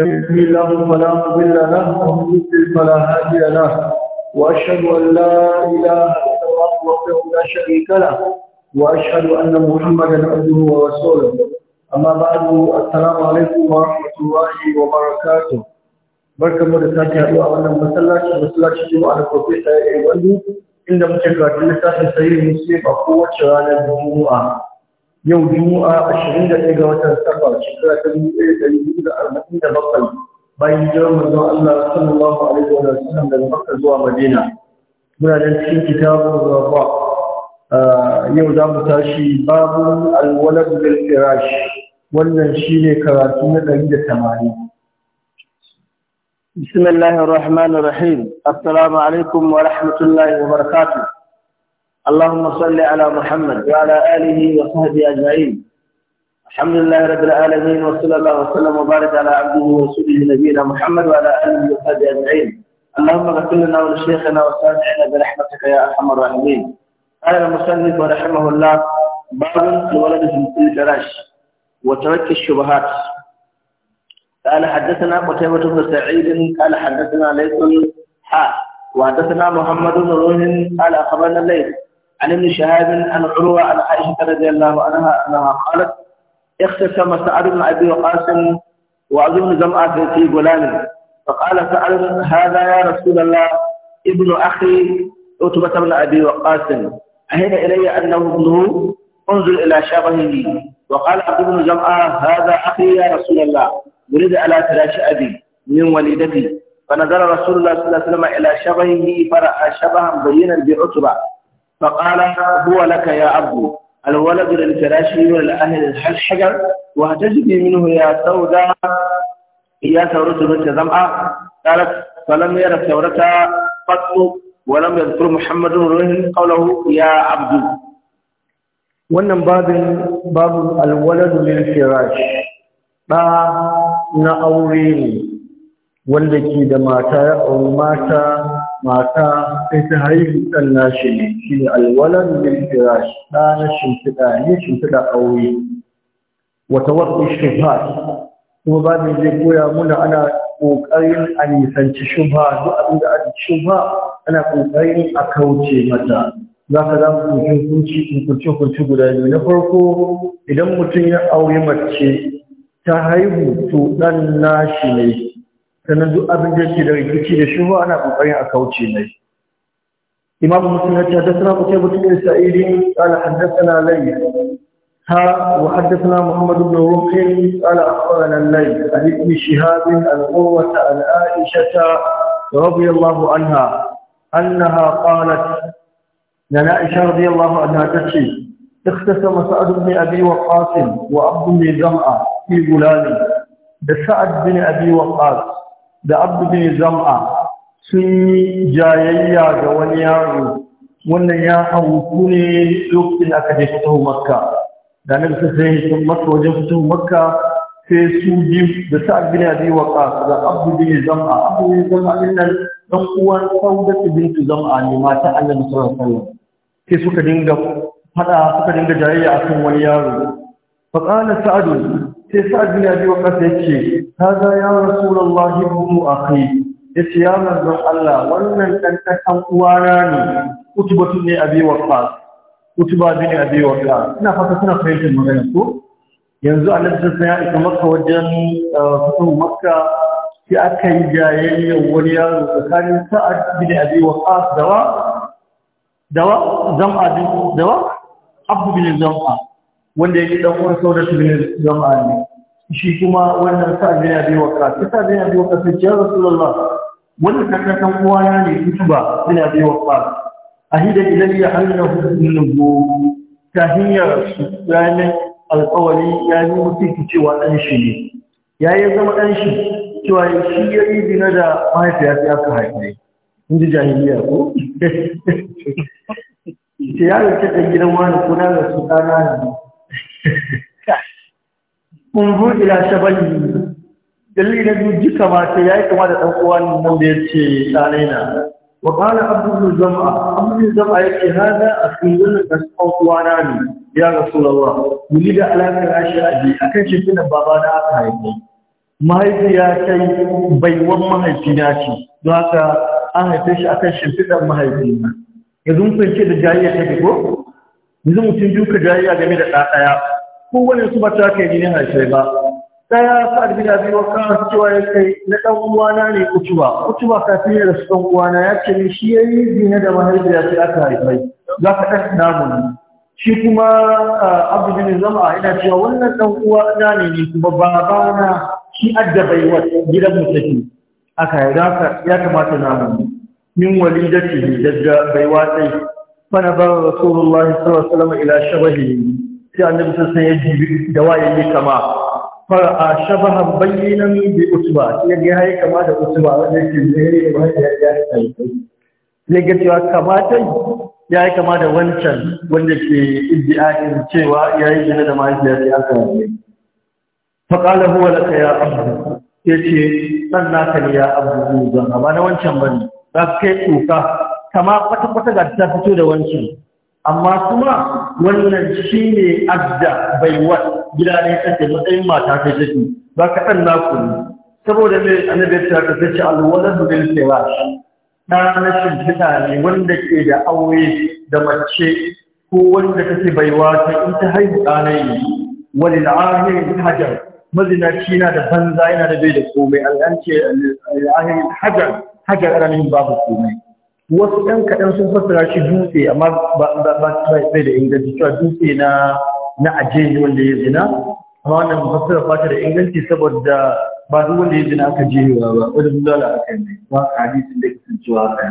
من يهدي الله فلا مضل له ومن يضلل فلا هادي له واشهد ان لا اله الا الله وحده لا شريك له واشهد ان محمدا عبده ورسوله اما بعد السلام عليكم ورحمه الله وبركاته barkamu da sake haɗuwa wannan masallaci masallaci juma'a da profesa ya yi wani inda muke karatu littafin sahihin muslim a kowace ranar juma'a yau juma'a ashirin da ɗaya ga watan safar shekara ta dubu ɗaya da dubu da arba'in da bakwai bayan jiran manzon Allah sallallahu alaihi wa sallam daga Makka zuwa Madina muna da cikin kitabun Rafa yau za mu tashi babu alwalad bil firash wannan shine karatu na ɗari da tamanin بسم الله الرحمن الرحيم السلام عليكم ورحمة الله وبركاته اللهم صل على محمد وعلى آله وصحبه أجمعين الحمد لله رب العالمين وصلى الله وسلم وبارك على عبده ورسوله نبينا محمد وعلى آله وصحبه أجمعين اللهم اغفر لنا ولشيخنا وسامعنا برحمتك يا أرحم الراحمين قال المصنف رحمه الله باب الولد في الفراش وترك الشبهات قال حدثنا قتيبة بن سعيد قال حدثنا ليث حا وحدثنا محمد بن روح قال أخبرنا الليث عن ابن شهاب عن عروة عن عائشة رضي الله عنها أنها قالت اختتم سعد بن أبي وقاص وأظن جمعة في غلام فقال سعد هذا يا رسول الله ابن أخي عتبة بن أبي وقاص أهل إلي أنه ابنه انظر إلى شبهه وقال عبد بن جمعة هذا أخي يا رسول الله يريد على فراش أبي من وليدتي فنظر رسول الله صلى الله عليه وسلم إلى شبهه فرأى شبها بينا بعتبة فقال هو لك يا عبد الولد للفراشي والأهل الحجر وهتجدي منه يا سودة يا ثورة بنت زمعة قالت فلم ير ثورة قط ولم يذكر محمد رهن قوله يا عبد wannan babin babu alwaladu lil firash ba na aure ne wanda ke da mata ya mata mata sai ta haihu ɗan nashi ne shi ne alwalan bin firashi na shimfiɗa ne shimfiɗa aure wata wasu shubhat kuma babin zai koya muna ana ƙoƙarin a nisanci shubha duk abin da ake shubha ana ƙoƙarin a kauce mata za ka za mu kunci kunci guda biyu na farko idan mutum ya aure mace ta haihu to ɗan nashi ne sannan duk abin da yake da rikici da shuhu ana kokarin a kauce mai imam muslim ya ce hadathana qutayba bin qala hadathana layth ha wa hadathana muhammad ibn ruqayn qala akhbarana layth an ibn shihab al-qurwa an aisha radiyallahu anha annaha qalat nana aisha radiyallahu anha tace اختتم سعد بن أبي وقاص وعبد بن جمعة في غلام سعد بن أبي da abdu bin zam'a sun yi jayayya ga wani yaro wannan ya auku ne lokacin aka je fito makka da nan su sai sun masa wajen fito makka sai su biyu da sa'ad bin abi waqa da abdu bin zam'a abdu bin zam'a din nan dan uwan sauda bintu zam'a ne mata annabi sallallahu alaihi sai suka dinga fada suka dinga jayayya akan wani yaro فقال Sa'adu. sai sa'ad bin abi waqas yace kaza ya rasulullahi ibnu akhi yace ya manzon Allah wannan dan dan uwana ne utubatu ne abi waqas utuba bin abi waqas ina fata suna fahimtar magana ko yanzu annabi sai ya isa makka wajen uh, fito makka sai aka yi jayayyar wani yaro tsakanin sa'ad bin abi waqas dawa dawa zam'a dawa abu bin zam'a wanda yake dan uwan saudatu bin zam'a ne shi kuma wannan sa'ad bin abi waqas sa'ad bin abi waqas ya rasulullah wannan kakan dan uwana ne kutuba bin abi waqas ahida ilayya annahu minhu tahiyya ranar alƙawari ya yi mutunci cewa ɗan shi ne ya yi zama ɗan shi cewa shi ya yi zina da mahaifiya ya aka haife in ji jahiliya ko ce ya rike da gidan wani kuna da su ɗana ne ungu ila shabali dalili na biyu duka mata ya yi kama da ɗan uwan nan da ya ce ɗanaina wa kana abdul jama'a abubuwan zama ya ce haza a cikin da ɗan uwana ne ya rasulullah muni da alaka rashi a biyu akan shi shimfinan baba da aka haifi mahaifiya ta yi baiwan mahaifina ce don haka an haife shi a kan mahaifi mahaifina yanzu mun fahimci da jayayya ta ko yanzu mutum biyu ka jayayya game da ɗaɗaya kowane su bata kai ne haifai ba daya sa'ad bin abi waqqas cewa ya kai na dan uwana ne kutuba kutuba kafin ya rasu dan uwana ya ce ni shi ya yi zina da mahaifiya sai aka haifai za ka ɗan namu shi kuma abu bin zama ina cewa wannan dan uwana ne ne kuma babana shi adda baiwa gidan mutaki aka yi yarda ya kamata namu min walidatihi daga baiwa sai fa na ba rasulullahi sallallahu alaihi wasallam ila shabahihi sai annabi sassan ya jibi da waye kama fara shabahan bayyanan da utuba sai ga yi kama da utuba wanda ke zai ne ba ya yi ga cewa kamata ya yi kama da wancan wanda ke iddiayin cewa ya yi gina da mahaifiyar ya aka yi faƙala huwa laka ya abu ya ce ɗan naka ne ya abu zan amma na wancan ne, za ka kai tsoka kama kwata-kwata ga ta fito da wancan amma kuma wannan shi ne adda bai wata gida ne kake matsayin mata ta jiki ba ka ɗan naku ne saboda mai annabi ta ka sace da bil firash ɗa na shimfiɗa ne wanda ke da aure da mace ko wanda take bai ta in ta haihu ɗa na yi walil ahir hajar mazinaci na da banza yana da bai da komai al'an ce hajar hajar ƙaramin babu komai wasu ɗan kaɗan sun fassara shi dutse amma ba bai da inganci cewa dutse na na aje wanda ya zina amma wannan fassara ba ta da inganci saboda ba duk wanda ya zina aka je jewa ba wajen dole aka yi ba ka hadisin da ke cewa haka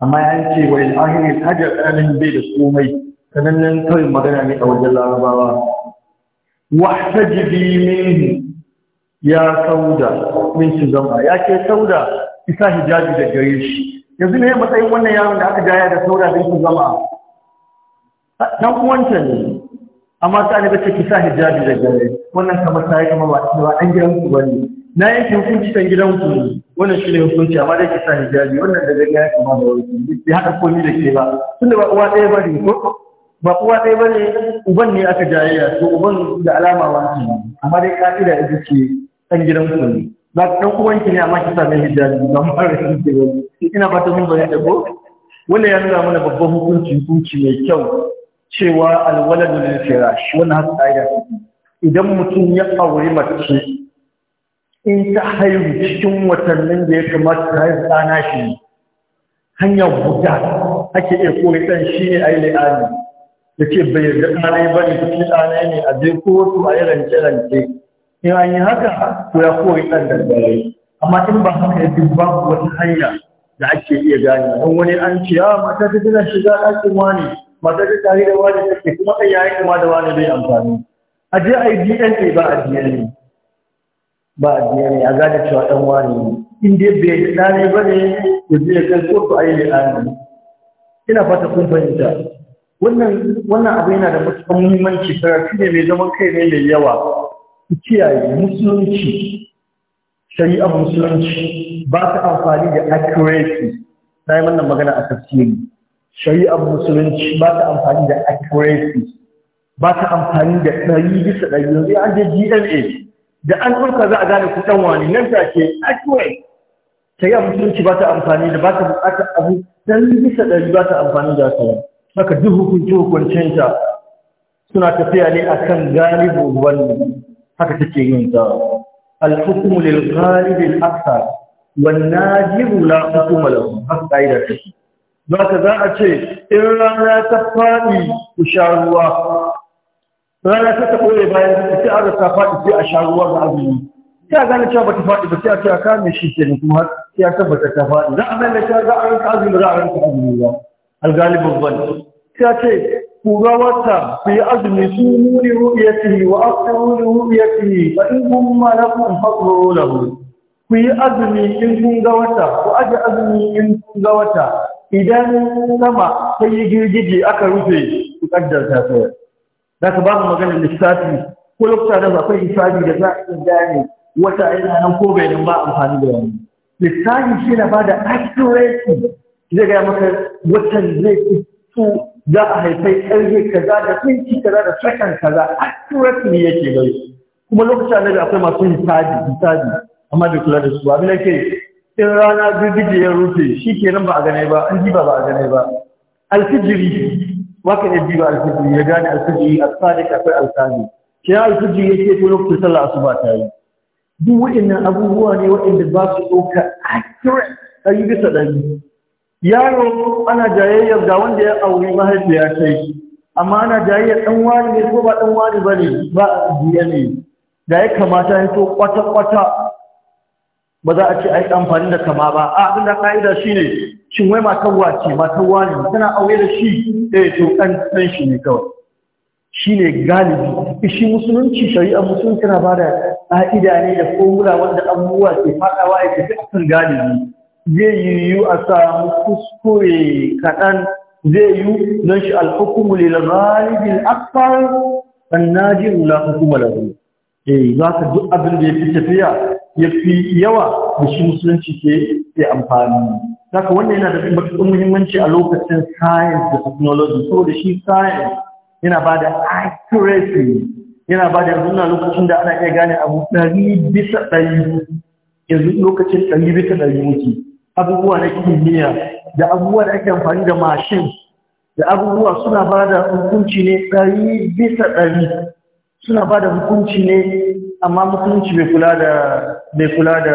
amma ya ce wa in ahirin hajar ɗanin bai da komai sanannen kawai magana ne a wajen larabawa wahtajibi minhu ya sauda min shi zama ya ke sauda isa hijabi da gare shi yanzu ne matsayin wannan yaron da aka jaya da saura da su zama dan uwanta ne amma ta ne bace ki sa hijabi da gare wannan kamar ta yi kama ba ta an gidan ku bane na yanke hukunci kan gidan ku wannan shi ne hukunci amma dai ki sa hijabi wannan da gare ya kama da wani bai hada komi da ke ba tunda ba uwa ɗaya ba ne ko ba uwa ɗaya ba ne uban ne aka ya, to uban da alama wani amma dai ka'ida ita ce ɗan gidan ku ne ba ɗan uwanki ne amma ki same hijabi ba ma rashin ki ba ina fata mun bayyana ko wannan ya nuna mana babban hukunci hukunci mai kyau cewa alwaladu lil firash wannan haka kaida idan mutum ya aure mace in ta haihu cikin watannin da ya kamata ta haihu ɗana shi hanyar guda ake iya kore ɗan shi ne a yi la'ani da ce bai yarda ɗanai ba ne cikin ɗanai ne a je ko wasu a yi rance-rance in an yi haka to ya kori ɗan dangare amma in ba haka ya duk babu wata hanya da ake iya gane don wani an ce ya ah, mata ta tana shiga ɗakin wani mata ta tare da wani take kuma ɗan yayin kuma da wani bai amfani a je a yi dna ba a dna ba a dna a gane cewa ɗan wani ne in dai bai yi ɗane ba ne ya zai ya kai kotu a yi li'ani ina fata kun fahimta wannan wannan abu yana da matuƙar muhimmanci karatu ne mai zaman kai ne mai yawa ku kiyaye musulunci shari'ar musulunci ba ta amfani da accuracy na yi wannan magana a tafsiri shari'ar musulunci ba ta amfani da accuracy ba ta amfani da ɗari bisa ɗari yanzu an je dna da an ɗauka za a gane ku ɗan wani nan take accurate shari'ar musulunci ba ta amfani da ba ta buƙatar abu ɗari bisa ɗari ba ta amfani da haka haka duk hukunci hukuncinta suna tafiya ne akan galibin wannan حكتين الحكم للغالب الأكثر والناجر لا حكم لهم حق دائرة ما كذا أتشي إلا لا تفاني أشاروا لا لا تتقوي بأن تسعر التفاني في أشاروا العظيم يا غانا تشابا تفاني بس يا تشاكا نشي سنة مهد يا تشابا تفاني لا أمان لشاكا أرنك عظيم لا أرنك عظيم الله الغالب الظلم يا تشي ku ga wata ku yi azumi su nuni ru'yatihi wa aqru ru'yatihi fa in hum malakum fadru lahu ku yi azumi in kun ga wata ku aje azumi in kun ga wata idan sama ta yi girgije aka rufe ku ƙaddar ta da ka ba mu magana lissafi ko lokuta da akwai lissafi da za a gane wata ina nan ko bai nan ba amfani da wani lissafi shi na ba da accuracy zai gaya maka watan zai fi za a haifai ƙarfe kaza da tsinci kaza da sakan kaza accurately yake bai kuma lokacin annabi akwai masu hisabi hisabi amma da kula da su abin da ke in rana birbiji ya rufe shi ke nan ba a gane ba an jiba ba a gane ba alfijiri waka ya jiba alfijiri ya gane alfijiri a kafin alfani alfijiri ya alfijiri ke kuma lokacin sallah asuba ta yi duk waɗannan abubuwa ne waɗanda ba su ɗauka accurate ayyuka sadari yaro ana jayayyar da wanda ya auri mahaifiya kai amma ana jayayyar dan wani ne ko ba dan wani bane ba biya ne da ya kamata ya to kwata kwata ba za a ce ai amfani da kama ba a abin da ka'ida ne, shin wai matan wace matan wani tana aure da shi eh to kan san shi ne kawai Shi ne galibi shi musulunci shari'a musulunci tana bada ka'ida ne da formula wanda abubuwa ke fadawa ya tafi akan galibi zai yiwu a samu kuskure kaɗan zai yiwu don shi alhukumu lil ghalibin akbar annajin la hukuma zai eh za ka duk abin da ya fi tafiya ya fi yawa da shi musulunci ke ya amfani ka wannan yana da matuƙar muhimmanci a lokacin science da technology da shi science yana ba da accuracy yana ba da yanzu na lokacin da ana iya gane abu ɗari bisa ɗari yanzu lokacin ɗari bisa ɗari muke abubuwa na kimiyya da abubuwa da ake amfani da mashin da abubuwa suna ba da hukunci ne ɗari bisa ɗari suna ba da hukunci ne amma musulunci bai kula da bai kula da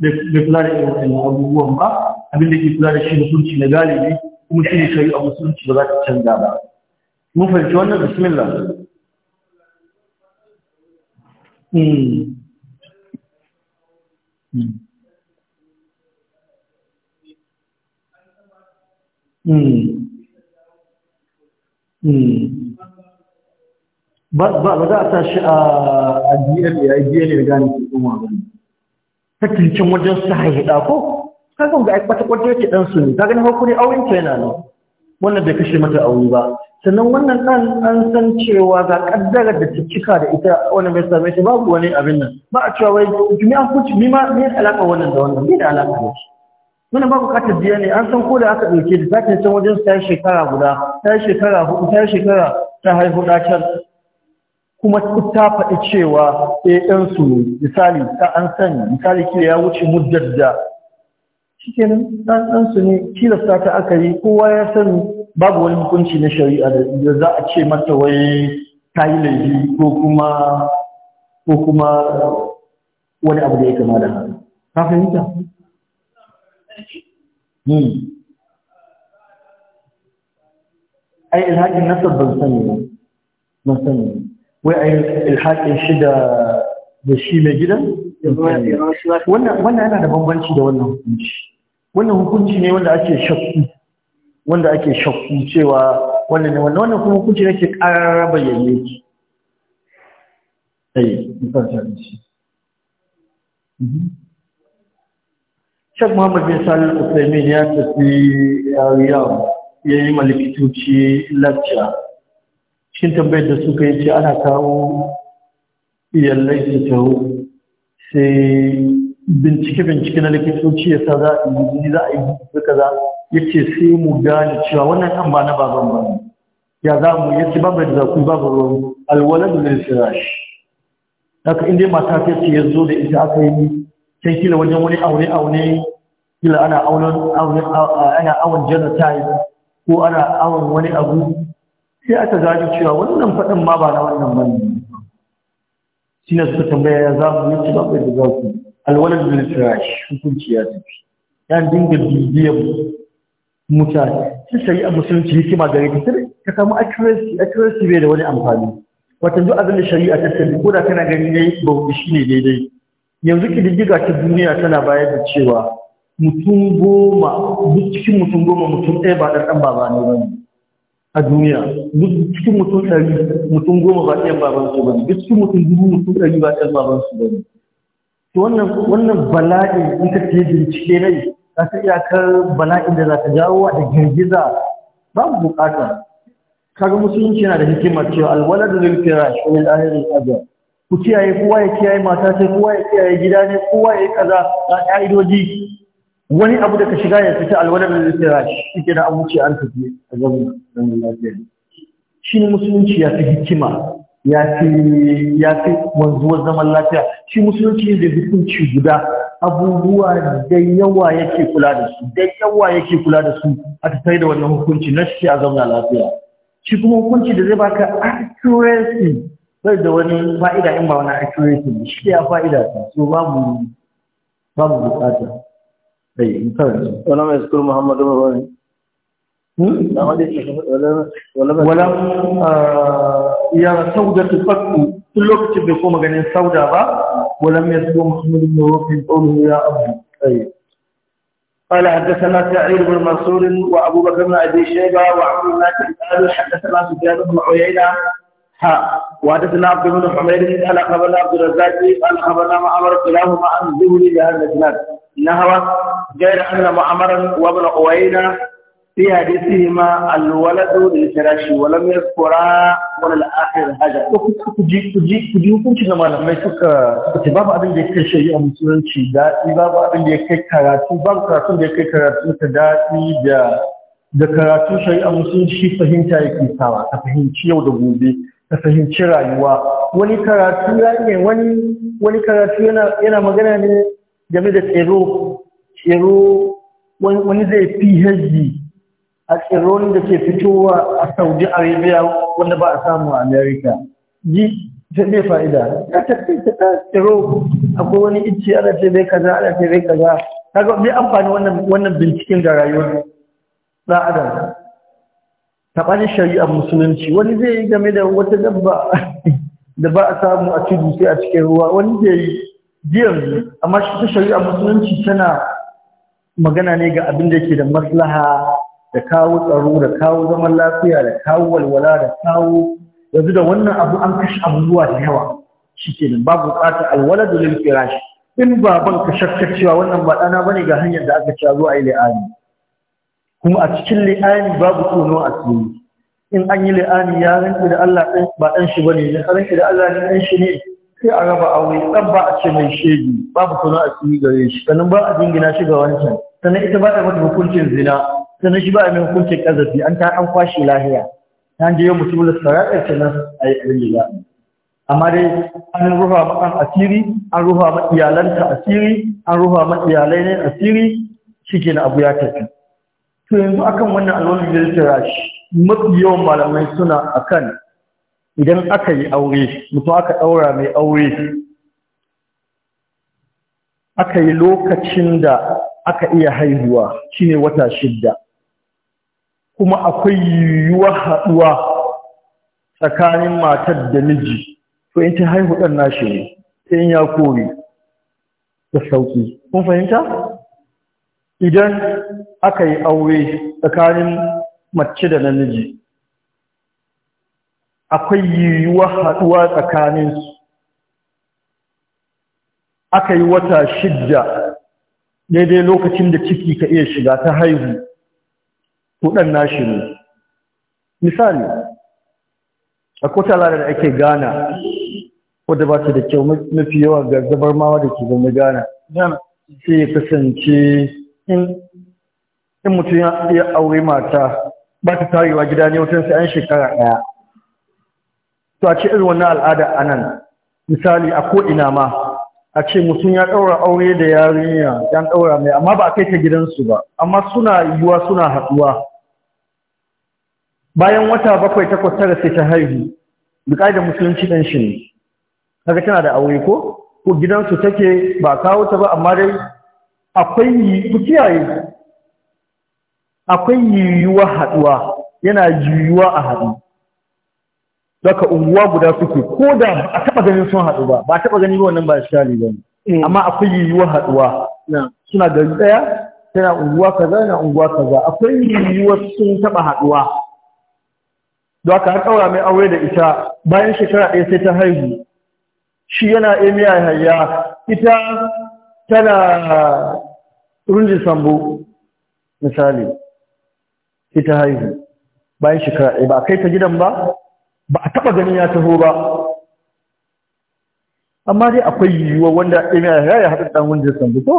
bai kula da irin abubuwan ba abin da ke kula da shi hukunci na galibi kuma shi ne shari'a musulunci ba za ta canza ba mun fahimci wannan bismillah Hmm. Hmm. ba za a tashi a da ya dna da gane kuma ba takilcin wajen su haihida ko kakan ga aikwata kwata yake dan su ne ta gani hakuri ne auren ta yana nan wannan bai kashe mata aure ba sannan wannan dan an san cewa ga kaddarar da ta cika da ita wannan bai same shi babu wani abin nan ba a cewa wai an kuci ni ma ni alaka wannan da wannan ni da alaka da shi wannan ba bukatar biya ne an san ko da aka ɗauke da takin can wajen ta shekara guda ta shekara hudu ta shekara ta haihu ɗacar kuma ta faɗi cewa eh, ɗayansu misali ta an sani misali kila ya wuce muddar da shi ɗan ɗansu ne tilasta ta aka yi kowa ya sani babu wani hukunci na shari'a da za a ce mata wai ta yi laifi ko kuma ko kuma wani abu da ya kama da haka ka fahimta Hmm. ai ilhaƙin nasar ban sani ba ban sani wai ai shi da da shi mai gidan wannan wannan da bambanci da wannan hukunci wannan hukunci ne wanda ake shakku cewa wannan ne wannan hukunci ne bayyane ki shek muhammad bin salim usaimin ya tafi riyam ya yi malikitoci lacca cikin tambayar da suka yi ce ana kawo iyalai su taho sai bincike-bincike na likitoci ya sa za a yi za a yi duka za ya ce sai mu gane cewa wannan kan ba na baban ba ya za mu ya ce babu da ku babu ruwan alwalar da zai firash haka inda mata ta ce ya zo da ita aka yi sai kila wajen wani aure aure kila ana auren aure ana awon genotype ko ana awon wani abu sai aka gano cewa wannan faɗin ma ba na wannan bane shi suka tambaya ya za mu yi ci bakwai da za ku alwalar da trash hukunci ya tafi ya dinga bibiyar mutane sai shari'a musulunci hikima gare ta ka samu accuracy accuracy bai da wani amfani wata duk abin da shari'a ta tafi ko da kana gani ne ba shi ne daidai yanzu kididdiga ta duniya tana bayar da cewa mutum goma duk cikin mutum goma mutum ɗaya ba ɗan baba ne ba a duniya duk cikin mutum ɗari mutum goma ba ɗayan baban su ba ne duk cikin mutum dubu mutum ɗari ba ɗan baban su ba ne to wannan wannan bala'i in ka ce bincike ne za ta iyakar bala'in da za ta jawo da girgiza babu bukata kaga musulunci yana da hikimar cewa alwalad lil firash ɗaya lil ahli al ku kiyaye kowa ya kiyaye mata sai kowa ya kiyaye gida ne kowa ya yi kaza ga ka'idoji wani abu da ka shiga ya fita alwadar da zai tsira shi ke da an an tafi a zauna don lafiya shi ne musulunci ya fi hikima ya fi ya fi wanzuwar zaman lafiya shi musulunci da hukunci guda abubuwa da yawa yake kula da su da yawa yake kula da su a tattare da wannan hukunci na shi a zauna lafiya shi kuma hukunci da zai baka accuracy sai da wani fa'ida in ba wani accuracy ne shi ya fa'ida ta so babu babu bukata dai in kawai wala mai zikir muhammad ba hmm? wani wala ah, ya sauda tun lokacin bai koma ganin sauda ba wala mai zikir muhammad ba wani qawluhu ya abu dai قال حدثنا سعيد بن منصور وابو بكر بن ابي شيبه وعبد الله بن حدثنا سفيان بن عيينه ها وحدثنا عبد بن حمير قال خبرنا عبد الرزاق قال خبرنا معمر كلاهما عن الزهري بهذا الاسناد نهوى غير ان معمرا وابن اوينا في حديثهما الولد للفراش ولم يذكرا ولا الاخر حاجه kuji kuji kuji hukunci da malamai suka ce babu abin da yake shari'a musulunci daɗi babu abin da yake karatu babu karatun da yake karatu ta daɗi da da karatu shari'a musulunci fahimta yake sawa ka fahimci yau da gobe ka fahimci rayuwa wani karatu ya ne wani wani karatu yana magana ne game da tsero tsero wani zai PhD a tseron da ke fitowa a Saudi Arabia wanda ba a samu a America ji ta ne fa'ida ya tafi ta tsero akwai wani icce ana ce bai kaza ana ce bai kaza kaga bai amfani wannan binciken ga rayuwar na adam ɓani shari'ar musulunci wani zai yi game da wata dabba da ba a samu a tudu sai a cikin ruwa wani zai yi jiyar amma shi ta shari'ar musulunci tana magana ne ga abin da ke da maslaha da kawo tsaro da kawo zaman lafiya da kawo walwala da kawo yanzu da wannan abu an kashe abubuwa da yawa shi ke babu buƙatar alwala da lil shi in baban ka shakkar cewa wannan ba ɗana bane ga hanyar da aka ci a zo yi la'ani kuma a cikin li'ani babu tono asiri in an yi li'ani ya rinke da Allah ɗin ba ɗan shi bane ne rinke da Allah ne ɗan shi ne sai a raba aure ɗan ba a ce mai shegi babu tono asiri gare shi sannan ba a jingina shi ga wancan sannan ita ba ta mata hukuncin zina sannan shi ba a mai hukuncin ƙazafi an ta an kwashe lahiya ta je yau mutum da sara'ar sannan a yi abin da za a amma dai an rufa makan asiri an rufa ma iyalanta asiri an rufa ma iyalai ne asiri shikenan abu ya tafi to yanzu akan wannan alwalin da shi mafi yawan malamai suna akan idan aka yi aure mutum aka ɗaura mai aure aka yi lokacin da aka iya haihuwa shine wata shidda kuma akwai yiwuwar haɗuwa tsakanin matar da miji to in ta haihu ɗan nashi ne sai ya kore da sauƙi kun fahimta idan aka yi aure tsakanin mace da namiji akwai yiwuwa haɗuwa tsakaninsu aka yi wata shidda daidai lokacin da ciki ka iya shiga ta haihu ɗan nashi ne misali a kotala da ake gana wadda ba ta da kyau mafi yawa ga zabar mawa da ke zama gana sai ya kasance in mutum ya aure mata ba ta tarewa gida ne wutan sai an shekara ɗaya to a ce irin wannan al'ada a nan misali a ko'ina ma a ce mutum ya ɗaura aure da yarinya yan ɗaura mai amma ba a kai ta gidansu ba amma suna yiwuwa suna haɗuwa bayan wata bakwai takwas tara sai ta haihu da musulunci ɗan shi ne kaga tana da aure ko ko gidansu take ba kawo ta ba amma dai akwai kiyaye akwai yiwuwa haduwa yana yiwuwa a haɗu daga unguwa guda suke ko da a taɓa ganin sun haɗu ba ba taɓa gani wannan ba shali ba mm. amma akwai yiwuwa haɗuwa suna gari ɗaya tana unguwa kaza yana unguwa kaza akwai yiwuwa sun taɓa haɗuwa don haka har mai aure da ita bayan shekara ɗaya sai ta haihu shi yana emiya hayya ita tana runji sambo misali ita haihu bayan shekara ɗaya ba a kai ta gidan ba ba a taɓa ganin ya taho ba amma dai akwai yiwuwa wanda ya ya haɗu ɗan runji sambo to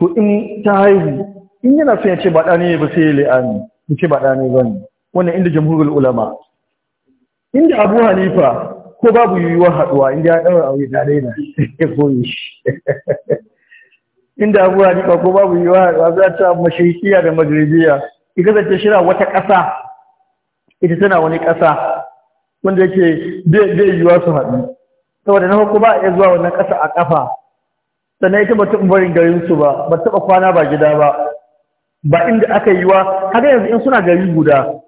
to in ta haihu in yana son ya ce ba ɗa ne ba sai ya la'ani in ce ba ɗa ne ba ne wannan inda jamhurul ulama inda abu hanifa ko babu yiwuwar haɗuwa inda ya ɗaura aure da daina ya koyi shi inda abu hanifa ko babu yiwa ba za ta mashirikiya da magribiya ki kasance shira wata ƙasa ita tana wani ƙasa wanda yake bai yiwa su haɗu saboda na farko ba a iya zuwa wannan ƙasa a ƙafa sannan ita ba taɓa barin garin su ba ba taɓa kwana ba gida ba ba inda aka yiwa haka yanzu in suna gari guda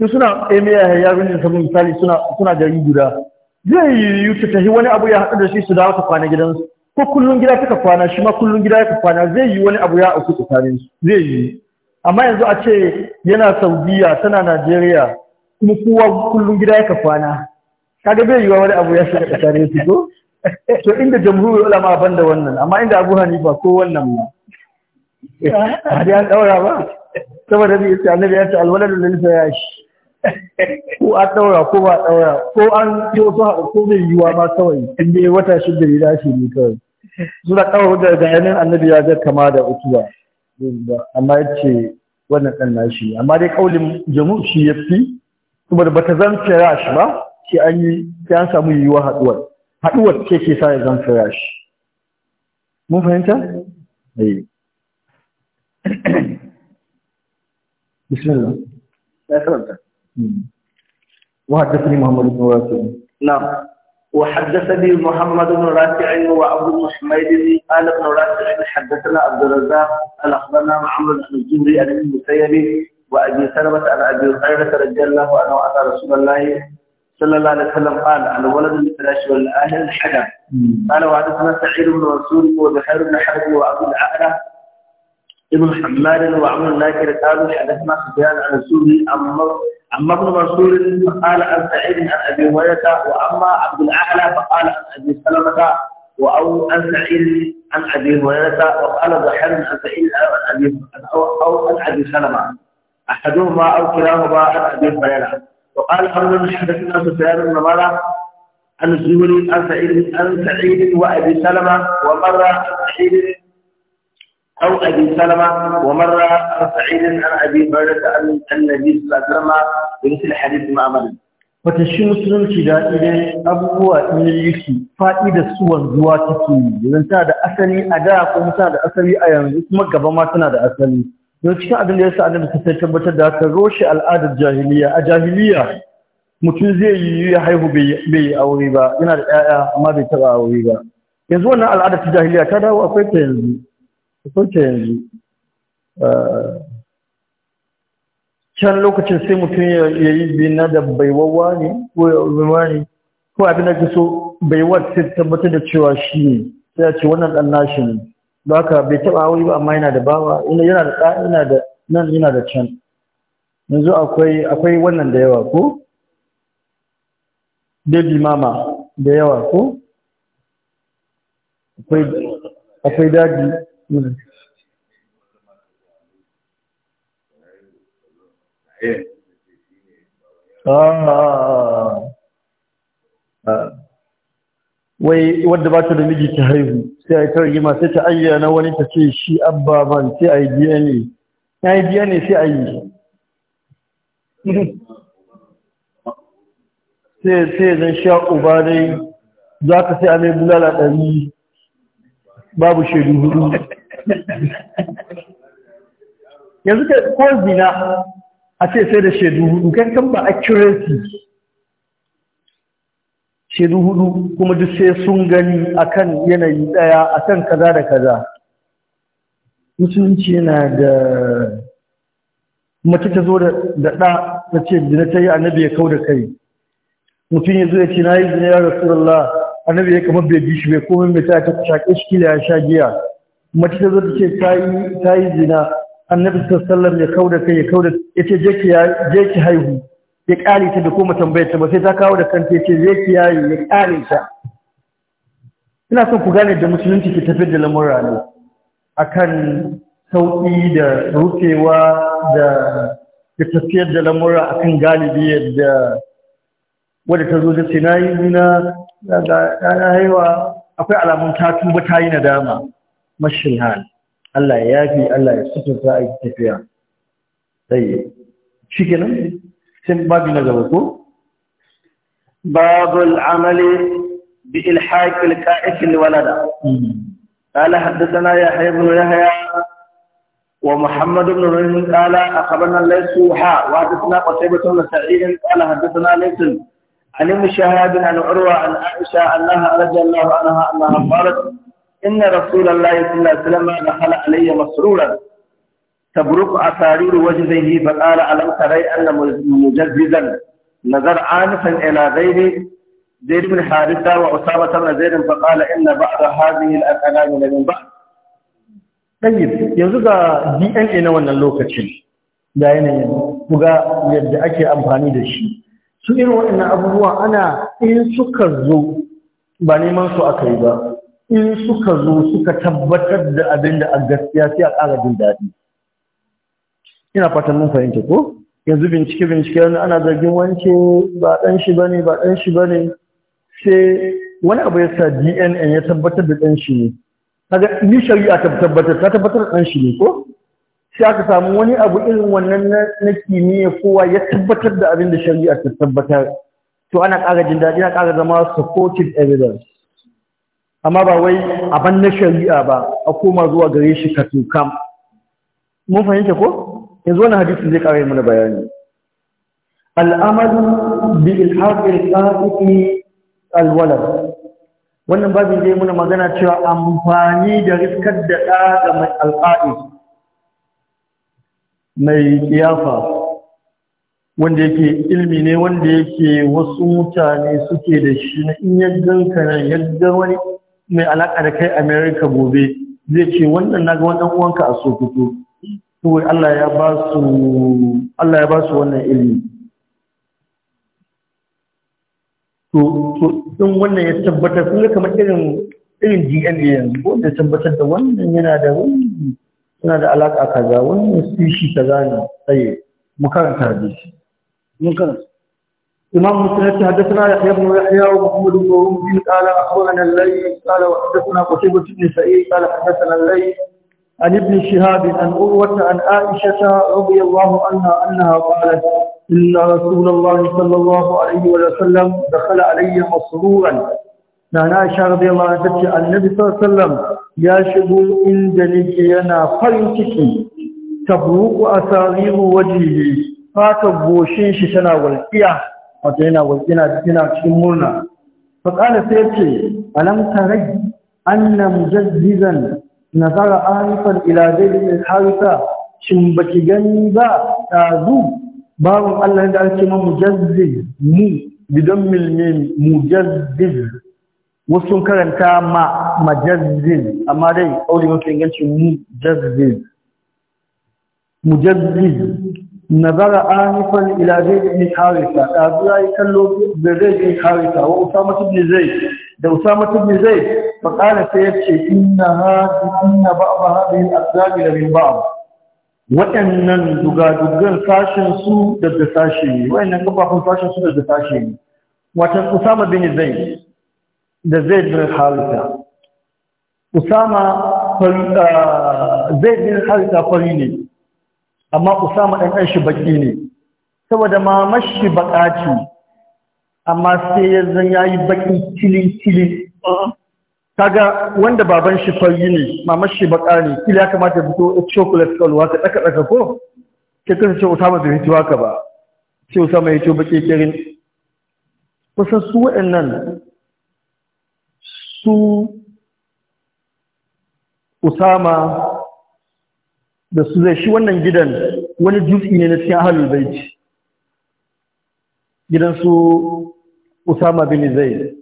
in suna emiya ya rinjin sabon misali suna gari guda zai yiwu ta tafi wani abu ya haɗu da shi su dawo ta kwana gidansu ko kullun gida kika kwana shi ma kullun gida ya kwana zai yi wani abu ya auku tsakanin su zai yi amma yanzu a ce yana Saudiya tana Najeriya kuma kowa kullun gida ya kwana kaga bai wa wani abu ya shiga tsakanin su ko to inda jamhuriyar ulama ban da wannan amma inda Abu Hanifa ko wannan ba hadi ya daura ba saboda bai ce annabi ya ce alwaladu lil fayash ko an ɗaura ko ba ɗaura ko an yi wasu haɗu ko mai yiwuwa ma kawai in dai wata da rida shi ne kawai suna ɗaura wanda ga yanin annabi ya zai kama da utuwa amma ya ce wannan ɗan nashi amma dai ƙaulin jamu shi ya fi kuma da bata zan fira shi ba sai an yi sai an samu yiwuwa haɗuwar haɗuwar ce ke sa ya zan fira shi mun fahimta? Ya eh. الله وحدثني محمد بن رافع نعم وحدثني محمد بن رافع وعبد محمد قال ابن رافع حدثنا عبد الرزاق قال اخبرنا محمد بن الزهري عن المسيب وابي سلمه عن ابي هريره رضي الله عنه ان رسول الله صلى الله عليه وسلم قال ولد بالفراش والاهل الحجر قال وحدثنا سعيد بن رسول وبحير بن حرب وعبد العائلة ابن حماد وعمر الناكر قالوا حدثنا سفيان عن رسول عن أما ابن منصور فقال عن سعيد عن أبي هريرة وأما عبد الأعلى فقال عن أبي سلمة وأو عن سعيد عن أبي هريرة وقال بحر عن سعيد عن أبي أو عن أبي سلمة أحدهما أو كلاهما عن أبي هريرة وقال أمر حدثنا سفيان بن مرة عن الزهري عن سعيد عن سعيد وأبي سلمة ومرة عن سعيد أو أبي سلمة ومر سعيد عن أبي هريرة أن النبي صلى الله عليه وسلم بمثل حديث ما أمر wata shi musulunci da idan abubuwa ɗin yake fa'ida su wanzuwa take yi yanzu tana da asali a da kuma tana da asali a yanzu kuma gaba ma tana da asali don cikin abin da ya sa annabi sai tabbatar da haka roshe al'adar jahiliya a jahiliya mutum zai yi ya haihu bai yi aure ba yana da 'ya'ya amma bai taɓa aure ba yanzu wannan al'adar ta jahiliya ta dawo akwai ta yanzu ku sauke yanzu eh, can lokacin sai mutum ya yi bina da baiwawa ne ko ya ulma ne ko abin da ke so baiwa sai tabbatar da cewa shi ne sai a ce wannan dan nashi ne ba ka bai taba aure ba amma yana da bawa yana da ɗa yana da nan yana da can yanzu akwai akwai wannan da yawa ko baby mama da yawa ko akwai akwai daji Ah. wai wadda ba ta da miji ta haihu sai a yi ta rigima sai ta ayyana wani ta ce shi abba ban sai a yi ne ya yi ne sai a yi sai sai zan sha uba dai za ka sai a mai bulala ɗari babu shaidu hudu yanzu ka ko zina a ce sai da shaidu hudu kan kan ba accuracy shaidu hudu kuma duk sai sun gani akan yanayi daya akan kaza da kaza Mutunci yana da mace ta zo da ɗa ta ce zina ta yi annabi ya kau da kai mutum ya zo ya ce na yi zina ya rasu Allah annabi ya kamar bai bishi bai komai mai ta ta shaƙe shi kila ya sha giya mace ta zo ta ce ta yi zina annabi sallallahu ya kauda kai ya kauda ya ce je ki haihu ya kare ta da kuma tambayar ta ba sai ta kawo da kanta ya ce je ki yayi ya kare ta ina son ku gane da musulunci ke tafiyar da lamura ne akan sauƙi da rufewa da da tafiyar da lamura akan galibi yadda wadda ta zo da ce na yi zina ɗaya haihuwa akwai alamun ta tuba ta yi nadama mashin hal Allah ya yafi Allah ya sutura a tafiya sai shike nan sai babu na gaba ko babul amali bi ilhaq alqa'ik alwalada qala hadathana ya haybun yahya wa muhammad ibn rahim qala akhbarna laysu ha wa hadathana qatibatu min sa'idin qala hadathana laysu علم الشهاد عن عروة عن أعشى أنها رجل الله عنها أنها قالت inna rasulullahi sallallahu alaihi wasallam dakhala alayya masruran تبرك أسارير وجهه فقال ألم تري أن مجززا نظر آنفا إلى غير زيد بن حارثة وأسامة بن زيد فقال إن بعض هذه الأكلام لمن بعض طيب yanzu ga DNA na wannan lokacin da yanayin kuga yadda ake amfani da shi su irin waɗannan abubuwa ana in suka zo ba neman su aka yi ba in suka zo suka tabbatar da abin da a gaskiya sai a ƙara jin daɗi ina fatan mun fahimta ko yanzu bincike bincike wani ana zargin wance ba ɗan shi bane ba ɗan shi bane sai wani abu ya sa dna ya tabbatar da ɗan shi ne kaga ni shari'a ta tabbatar ta tabbatar da ɗan shi ne ko sai aka samu wani abu irin wannan na kimiyya kowa ya tabbatar da abin da shari'a ta tabbatar to ana ƙara jin daɗi ana ƙara zama supportive evidence amma ba wai ban na shari'a ba a koma zuwa gare shi ka tuka mun fahimta ko yanzu wani hadisin zai ƙara mana bayani al'amalu bi ilhaqil qatifi alwalad wannan babin zai muna magana cewa amfani da riskar da ɗa ga mai alƙa'id mai kiyafa wanda yake ilmi ne wanda yake wasu mutane suke da shi na in yaddan na nan yadda wani mai alaƙa da kai America gobe zai ce wannan na ga wannan uwanka a Sokoto saboda Allah ya ba su Allah ya ba su wannan ilimi to to din wannan ya tabbatar kun kamar irin irin DNA yanzu ko ya tabbatar da wannan yana da wani yana da alaka kaza wannan species kaza ne sai mu karanta shi mun karanta إمام مسلم حدثنا يحيى بن يحيى ومحمد بن رمزي قال أخبرنا الليل قال وحدثنا قتيبة بن سعيد قال حدثنا الليل عن ابن شهاب عن عروة عن عائشة رضي الله عنها أنها قالت إن رسول الله صلى الله عليه وسلم دخل علي مسرورا نانا عائشة رضي الله عنها تتشي النبي صلى الله عليه وسلم يشبو إن جنجينا فريتكي تبروك أساغير وجهه فاتبوشين شتنا والقياه wato yana yana yana cikin murna fa qala sai yace alam tarai anna mujazzizan nazara anifan ila zaid bin harisa shin baki gani ba tazu babu Allah da ake ma mujazziz mu bidan milmin mujazziz wasu karanta ma majazzin amma dai aure mafi inganci mujazzin nazara anifan ila zai bin harisa da zuwa yi kallo da zai bin harisa wa usama tubni zai da usama tubni zai faƙala ta ya ce inna hadi inna ba'ba hadi al-azami da min ba'b waɗannan dugadugan sashen su daga sashe ne waɗannan kafafun sashen su daga sashe ne wata usama bin zai da zai bin harisa usama ah, zai bin harisa fari ne amma usama ɗan ɗan shi baƙi ne saboda ma shi baƙa ce amma sai ya zan ya yi baƙi tilin tilin uh-huh. kaga wanda baban shi fari ne ma mashi baƙa ne kila ya kamata ya fito cokulat chocolate skull ɗaka-ɗaka, ko ke kasa ce usama zai fito haka ba ce usama ya ce baƙi kirin kusan su waɗannan su usama da su zai shi wannan gidan wani jutsi ne na cikin ahalul baiti gidan su Usama bin zai,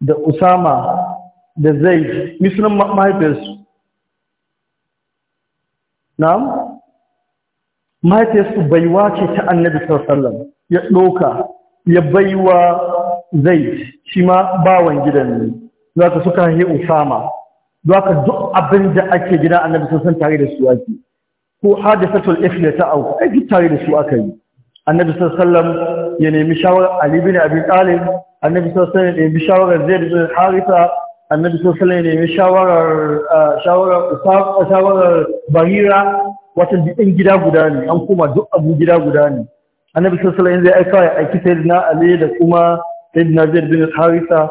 da Usama da zai misunan mahaifiyarsu na mahaifiyarsu baiwa ce ta annabi sallallahu ya ɗoka ya baiwa zai shi ma bawan gidan ne ka suka haihe Usama ka duk abin da ake gina annabi sallallahu tare da su ake ko hadisatul ifya ta auku ai gitare tare da su aka yi annabi sallallahu ya nemi shawarar ali bin abi talib annabi sallallahu ya nemi shawarar zaid bin haritha annabi sallallahu ya nemi shawarar ah, shawarar shawara barira wata din gida guda ne an kuma duk abu gida guda ne annabi sallallahu zai aika ya aiki sayyidina ali da kuma sayyidina zaid bin haritha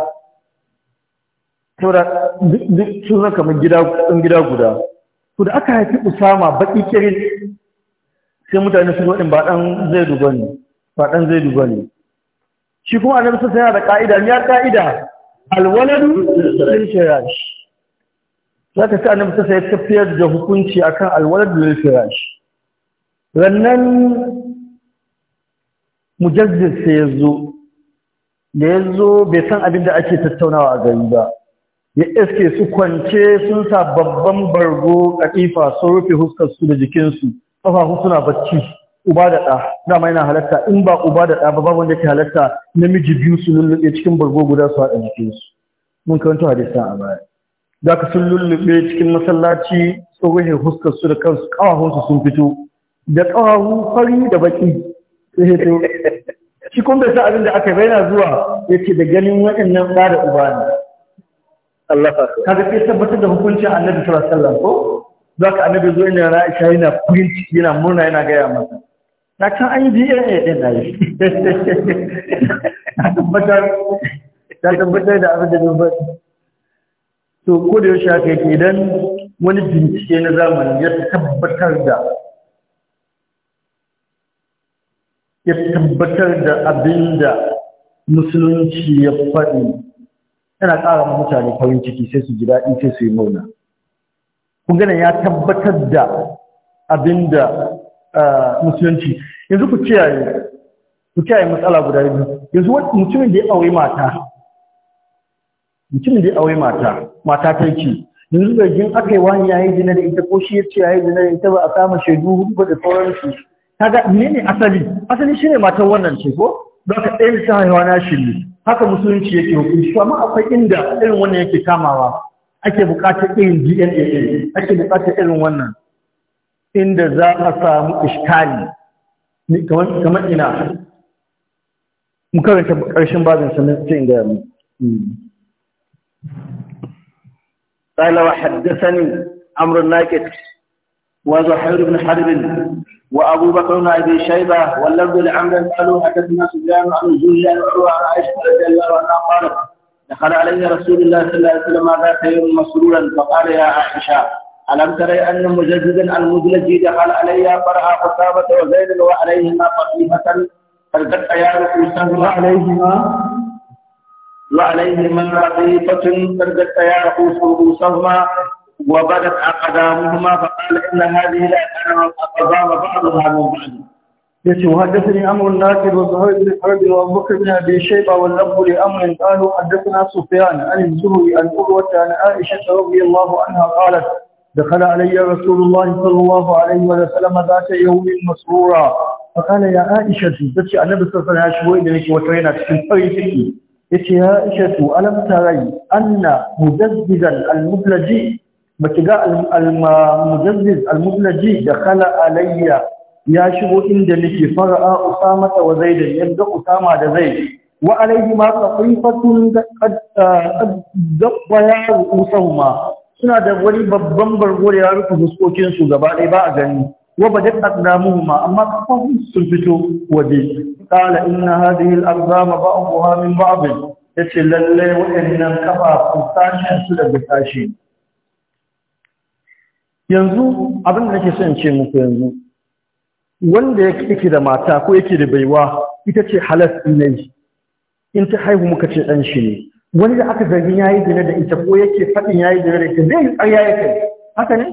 saboda duk sun zama kamar gida gida guda to da aka haifi usama baki kirin sai mutane su zo ba dan zai duba ne ba dan zai duba ne shi kuma annabi sai yana da ka'ida ya ka'ida alwaladu lil firash ka sai annabi sai ya tafiyar da hukunci akan alwaladu lil firash rannan mujaddid sai ya zo da ya zo bai san abin da ake tattaunawa a gari ba ya iske su kwance sun sa babban bargo ƙifa sun rufe huskar su da jikinsu kafafu suna bacci uba da ɗa mai na halatta in ba uba da ɗa ba babu wanda ke halatta namiji biyu su lullube cikin bargo guda su haɗa jikinsu mun karanta hadisan a baya za ka sun lullube cikin masallaci tsohon huskar su da kansu ƙawahunsu sun fito da ƙawahu fari da baƙi shi kun bai sa abin da aka bai na zuwa ya ce da ganin waɗannan ba da uba ne sallasa su kaga sai tabbatar da hukuncin annabi sallallahu alaihi wasallam ko zaka annabi zo ina na Aisha yana farin ciki yana murna yana gaya masa na kan an yi DNA din na yi tabbatar ta tabbatar da abin da zai ba to ko da yaushe haka yake idan wani bincike na zamani ya tabbatar da ya tabbatar da abin da musulunci ya faɗi yana ƙara ma mutane farin ciki sai su ji daɗi sai su yi murna kun gane ya tabbatar da abin da musulunci yanzu ku kiyaye ku kiyaye matsala guda biyu yanzu mutumin da ya aure mata mutumin da ya aure mata mata ta ce yanzu zargin aka yi wani ya yi zina da ita ko shi ya ce ya yi da ita ba a kama shaidu hudu ba da sauransu kaga ne ne asali asali shine matan wannan ce ko don ka ɗaya ta haihuwa na shi ne haka musulunci yake hukunci amma akwai inda irin wannan yake kamawa ake buƙatar irin DNA ake buƙatar irin wannan inda za a samu iskali kamar ina mu karanta ƙarshen bazin sannan sai in gaya mu قال وحدثني عمرو الناكت وزحير بن حرب وابو بكر بن ابي شيبه واللفظ لعمر قالوا حدثنا سفيان عن الزهري عن عروه عن عائشه رضي الله عنها قالت دخل علي رسول الله صلى الله عليه وسلم ذات يوم مسرورا فقال يا عائشه الم تري ان مجددا المدلج دخل علي فرعى قصابه وزيد وعليهما قصيمه فالتقى يا رسول عليهما وعليهما رقيقه فالتقى يا رؤوسهما وبدت أقدامهما فقال إن هذه الأقدام بعضها من بعض يتي وحدثني أمر الناكد وزهير بن حرب وأبو بكر بن أبي شيبة واللب لأمر قالوا حدثنا سفيان عن الزهري عن قروة عن عائشة رضي الله عنها قالت دخل علي رسول الله صلى الله عليه وسلم ذات يوم مسرورا فقال يا عائشة تتي النبي صلى الله عليه وسلم وترينا في فريقك يتي يا عائشة ألم تري أن مدززا المبلجي baki ga al-mujazziz da Kala alayya ya shigo inda nake fara'a usama wa zaidan yadda usama da zai. wa alayhi ma qafifatun qad usama suna da wani babban bargore ya rufe fuskokin su gaba ɗaya ba a gani wa badat aqdamuhuma amma kafafun sun fito waje qala inna hadhihi al-aqdama ba'daha min ba'd yace lalle wa'annan kafafun sashin su daga sashi yanzu abin da nake son ce muku yanzu wanda yake da mata ko yake da baiwa ita ce halas inai in ta haihu muka ce dan shi ne wani da aka zargin yayi dina da ita ko yake fadin yayi dina da ita zai yi ƙarya yake haka ne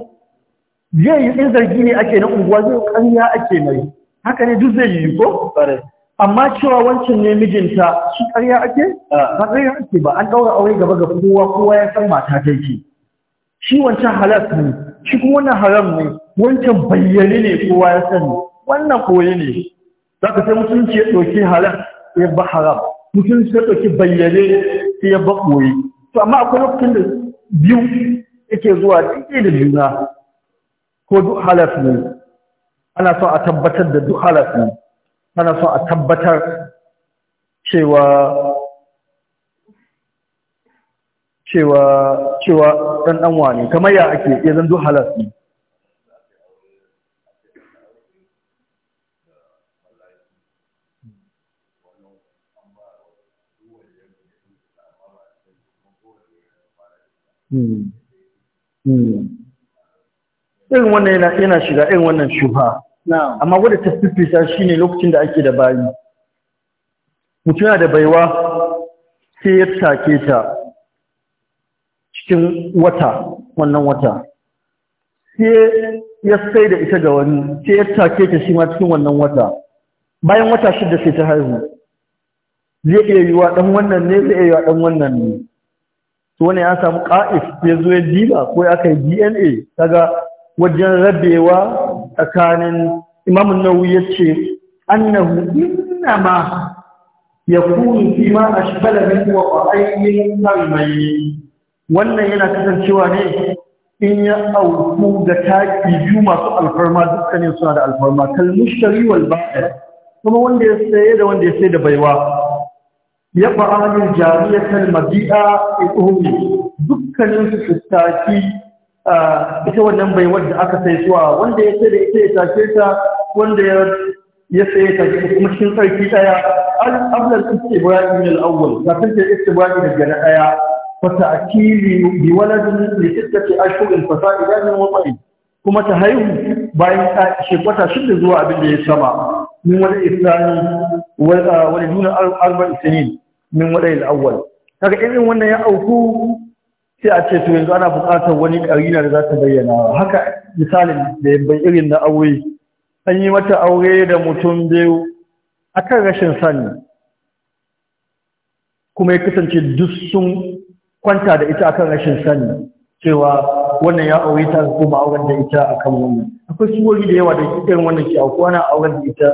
zai yi in zargi ne ake na unguwa zai yi ƙarya ake mai haka ne duk zai yi ko amma cewa wancan ne mijinta shi ƙarya ake ah. ba ƙarya ake ba an ɗaura aure gaba ga kowa kowa ya san mata ta yake shi wancan halal ne shi kuma wannan haram ne wancan bayyane ne kowa ya sani wannan koyi ne za ka sai mutunci ya ɗauki halal ya ba haram mutunci ya ɗauki bayyane sai ya ba koyi to amma akwai lokacin da biyu yake zuwa ɗiɗi da juna ko duk halal ne ana so a tabbatar da duk halal ne ana so a tabbatar cewa cewa cewa dan dan wani kamar ya ake ya zan halas ne hmm. Hmm. irin wannan yana shiga irin wannan shuha amma wadda ta fifita shi ne lokacin da ake da bayi mutum yana da baiwa sai ya take ta cikin wata wannan wata sai ya sai da ita ga wani sai ya take ta shi ma cikin wannan wata bayan wata shida sai ta haihu zai iya yiwa dan wannan ne zai iya yiwa dan wannan ne to wani ya samu qa'is ya zo ya diba ko ya kai DNA kaga wajen rabewa tsakanin Imam Nawawi ce, annahu ma yakunu fi ma ashbala min wa qa'ayyin mayyit wannan yana kasancewa ne in ya auku ga taki biyu masu alfarma dukkanin suna da alfarma kalmushari wal ba'ir kuma wanda ya saye da wanda ya saye da baiwa ya fa'alul jariyatan mabi'a ihumi dukkanin su su taki ita wannan baiwar da aka sai suwa wanda ya saye da ita ya tashe ta wanda ya ya saye ta kuma cikin sarki daya al ablan istibra'in al awwal kafin ta istibra'i daga na daya fata'kili bi waladin li sittati ashhurin fa sa'idan min wata'i kuma ta haihu bayan ta shekwata shida zuwa abin da ya sama min wani isani wani juna arba isinin min wani al'awwal kaga irin wannan ya auku sai a ce to yanzu ana buƙatar wani ƙarina da za ta bayyana haka misalin da bai irin na aure an yi mata aure da mutum biyu akan rashin sani kuma ya kasance duk sun kwanta da ita akan rashin sani cewa wannan ya aure ta ko ba auren da ita akan wannan akwai suwori da yawa da irin wannan ke aukuwa na auren da ita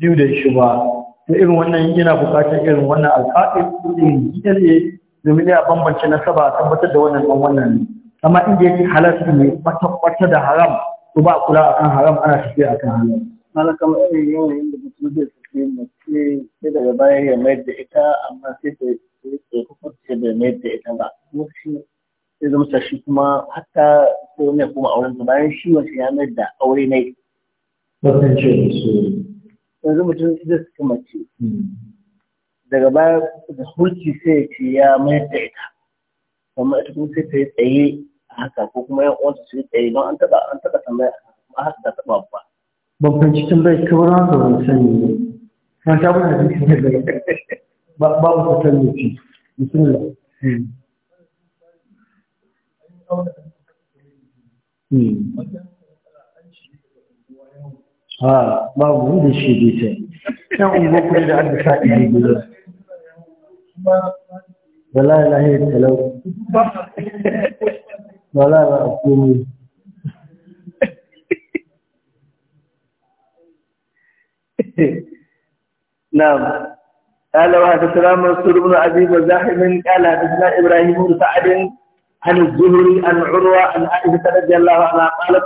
biyu da shi ba to irin wannan yana bukatar irin wannan alƙa'in irin gidan ne domin ya bambance nasaba a tabbatar da wannan ɗan wannan amma inda yake ne kwata-kwata da haram to ba a kula akan haram ana tafiya akan haram. Malaka mai yanayin da mutum zai shi mace sai daga baya ya mayar da ita amma sai ta yi hukunci da da ita ba kuma shi sai zama shi kuma hatta sai wani kuma auren ta bayan shi wancan ya mayar da aure ne. Yanzu mutum da suka mace. Hmm. Daga baya da hulki sai ya ce ya da ita. Amma ita kuma sai ta yi tsaye a haka ko kuma yan uwansa su yi tsaye don an taba an taɓa tambaya haka ba. ban fahimci tambayar kawara da ban sani na ta wani hadisi ba daga babu ta tallafi bismillah ha da shi bai sai kan ungo kuma da aka sa ido guda wala ilaha illallah wala ba komai نعم قال السلام رسول بن عزيز وزاحم قال حدثنا ابراهيم بن سعد عن الزهري عن عروه عن عائشه رضي الله عنها قالت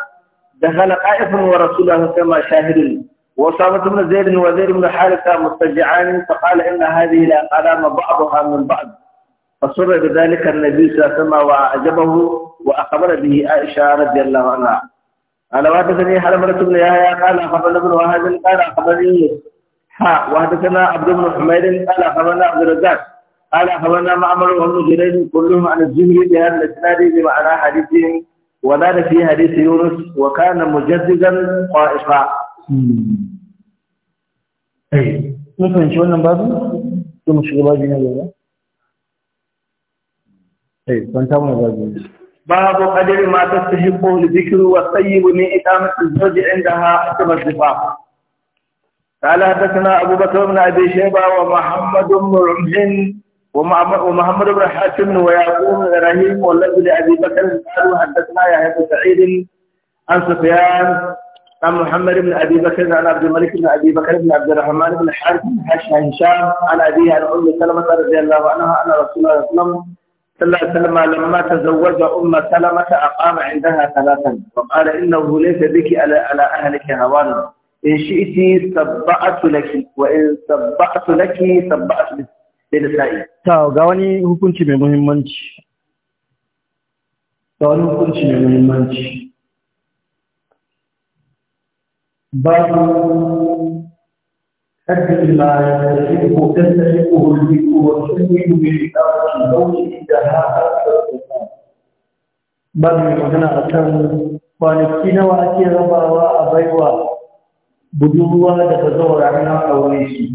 دخل قائف ورسوله كما شاهد وصابت بن زيد وزيد بن حارثة مستجعان فقال إن هذه الأقلام بعضها من بعض فسر بذلك النبي صلى الله عليه وسلم وأعجبه وأخبر به عائشة رضي الله عنها قال وحدثني حرمرة بن يحيى قال أخبرنا ابن وهب قال أخبرني ها وحدثنا عبد بن حميد قال أخبرنا عبد الرزاق قال أخبرنا معمر وابن جريج كلهم عن الزهري بهذا الإسناد بمعنى حديثهم وذلك في حديث يونس وكان مجددا قائفا. أي mun شو wannan babu شو mu shiga babu na gaba eh kwanta باب قدر ما تستحقه الذكر والطيب من إقامة الزوج عندها حسب الزفاف قال حدثنا أبو بكر بن أبي شيبة ومحمد بن رمح ومحمد بن حاتم ويعقوب بن والذي لأبي بكر قالوا حدثنا يا أبو سعيد عن سفيان عن محمد بن أبي بكر عن عبد الملك بن أبي بكر بن عبد الرحمن بن حارث بن هشام عن أبيه عن أم سلمة رضي الله عنها أن رسول الله صلى الله عليه وسلم صلى الله عليه وسلم لما تزوج أم سلمة أقام عندها ثلاثا وقال إنه ليس بك على أهلك هوانا إن شئت سبعت لك وإن سبعت لك سبعت لنسائي تاو غواني هكونت بمهمانش غواني هكونت بمهمانش باب أدي ما يستحقه تستحقه البيت وتؤمن بإدارة زوجه دهاء بل magana a kan kwanaki nawa ake rabawa a baiwa budurwa da ta zaura aure shi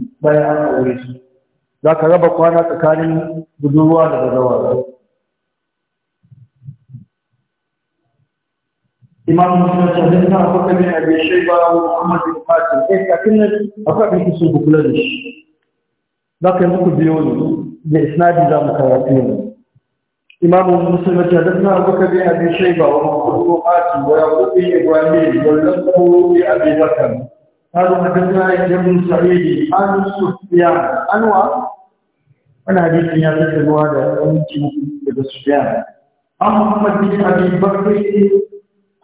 za ka raba kwana tsakanin budurwa da إمام مسلم شهدنا أخوك من أبي شيبة ومحمد بن قاسم كيف إيه، لكن أخوك من كسر بكلانش ذاك يمكن بيوني بإسناد إذا مكراتين إمام مسلم شهدنا أخوك من أبي شيبة ومحمد بن قاسم ويعقوب بن إبراهيم واللقب بأبي بكر هذا حدثنا يحيى بن سعيد عن سفيان أنواع أنا حديث يا سيدنا هذا أنت سفيان عن محمد بن أبي بكر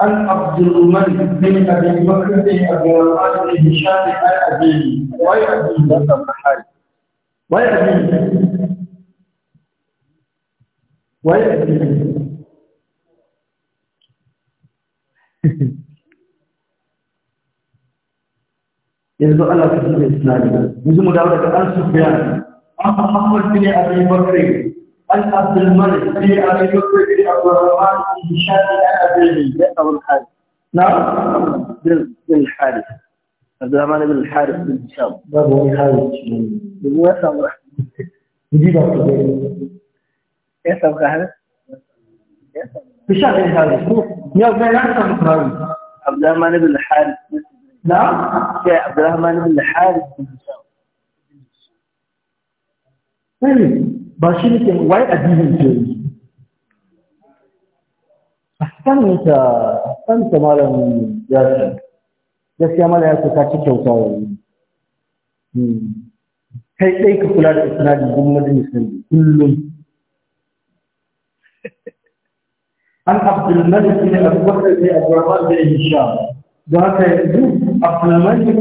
الأرض من من أبي بكر أبي الأرض هشام أبي ويا أبي بكر ويا أبي ويا أبي يزو على كتب الإسلام يزو مدارك عن سفيان أما محمد بن أبي بكر عن عبد الملك في ابي بكر بن عبد الرحمن بن الحارث نعم بن الحارث عبد الرحمن بن الحارث بن هشام بابو الحارث بن وسام نجيب هشام بن الحارث يا عبد الرحمن بن الحارث نعم يا عبد الرحمن بن الحارث بن هشام طيب. ba shi nake waye addinin a yi ahsanta ahsanta malam yasir gaskiya malam ce ka ci kyauta hmm. kai dai ka kula da isnadin duk majalisin kullum an abdulmalik ne abubakar ne da ne sha don haka yanzu abdulmalik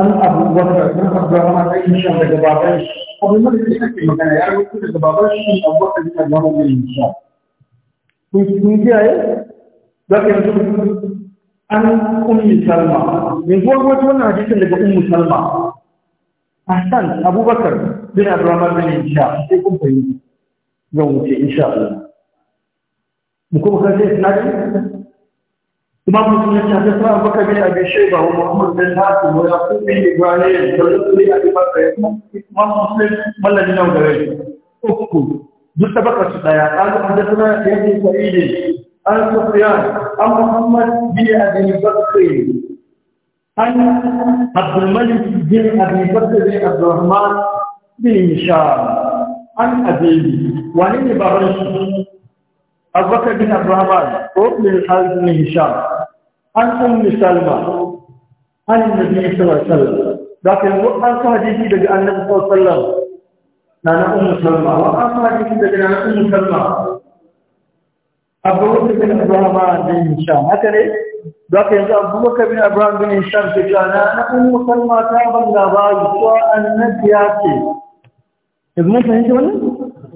an abubakar ne da ne sha daga baban abin ya ke magana ya rubuta abubakar da zama mai insha kiyaye za ummi salma wani daga ummi salma hassan abubakar bin abdurrahman bin insha sai kun fahimta wuce insha Allah mu kuma kan sai ce? imam musulmi ta ce sa baka bi abi shi ba wa dan ta ko ya ku bi ibrahim da lutuli a kifar da yake imam musulmi mallan nan gare shi uku duk tabaka su daya kalu hadathuna yabi sa'id an sufyan an muhammad bi abi bakri an abdul malik bi abi bakri bi abdul rahman bi an abi wani ne baban abubakar bin abdul rahman ko bin al-hisham an ummi salma an nabi sallallahu alaihi wasallam da ka yanzu an hadisi daga annabi sallallahu na na salma wa an sa hadisi daga na salma abubakar bin abraham bin hisham haka ne da yanzu abubakar bin abraham bin hisham ke cewa na na ummi salma ta ban labari ko annabi ya ce yanzu mun fahimci wannan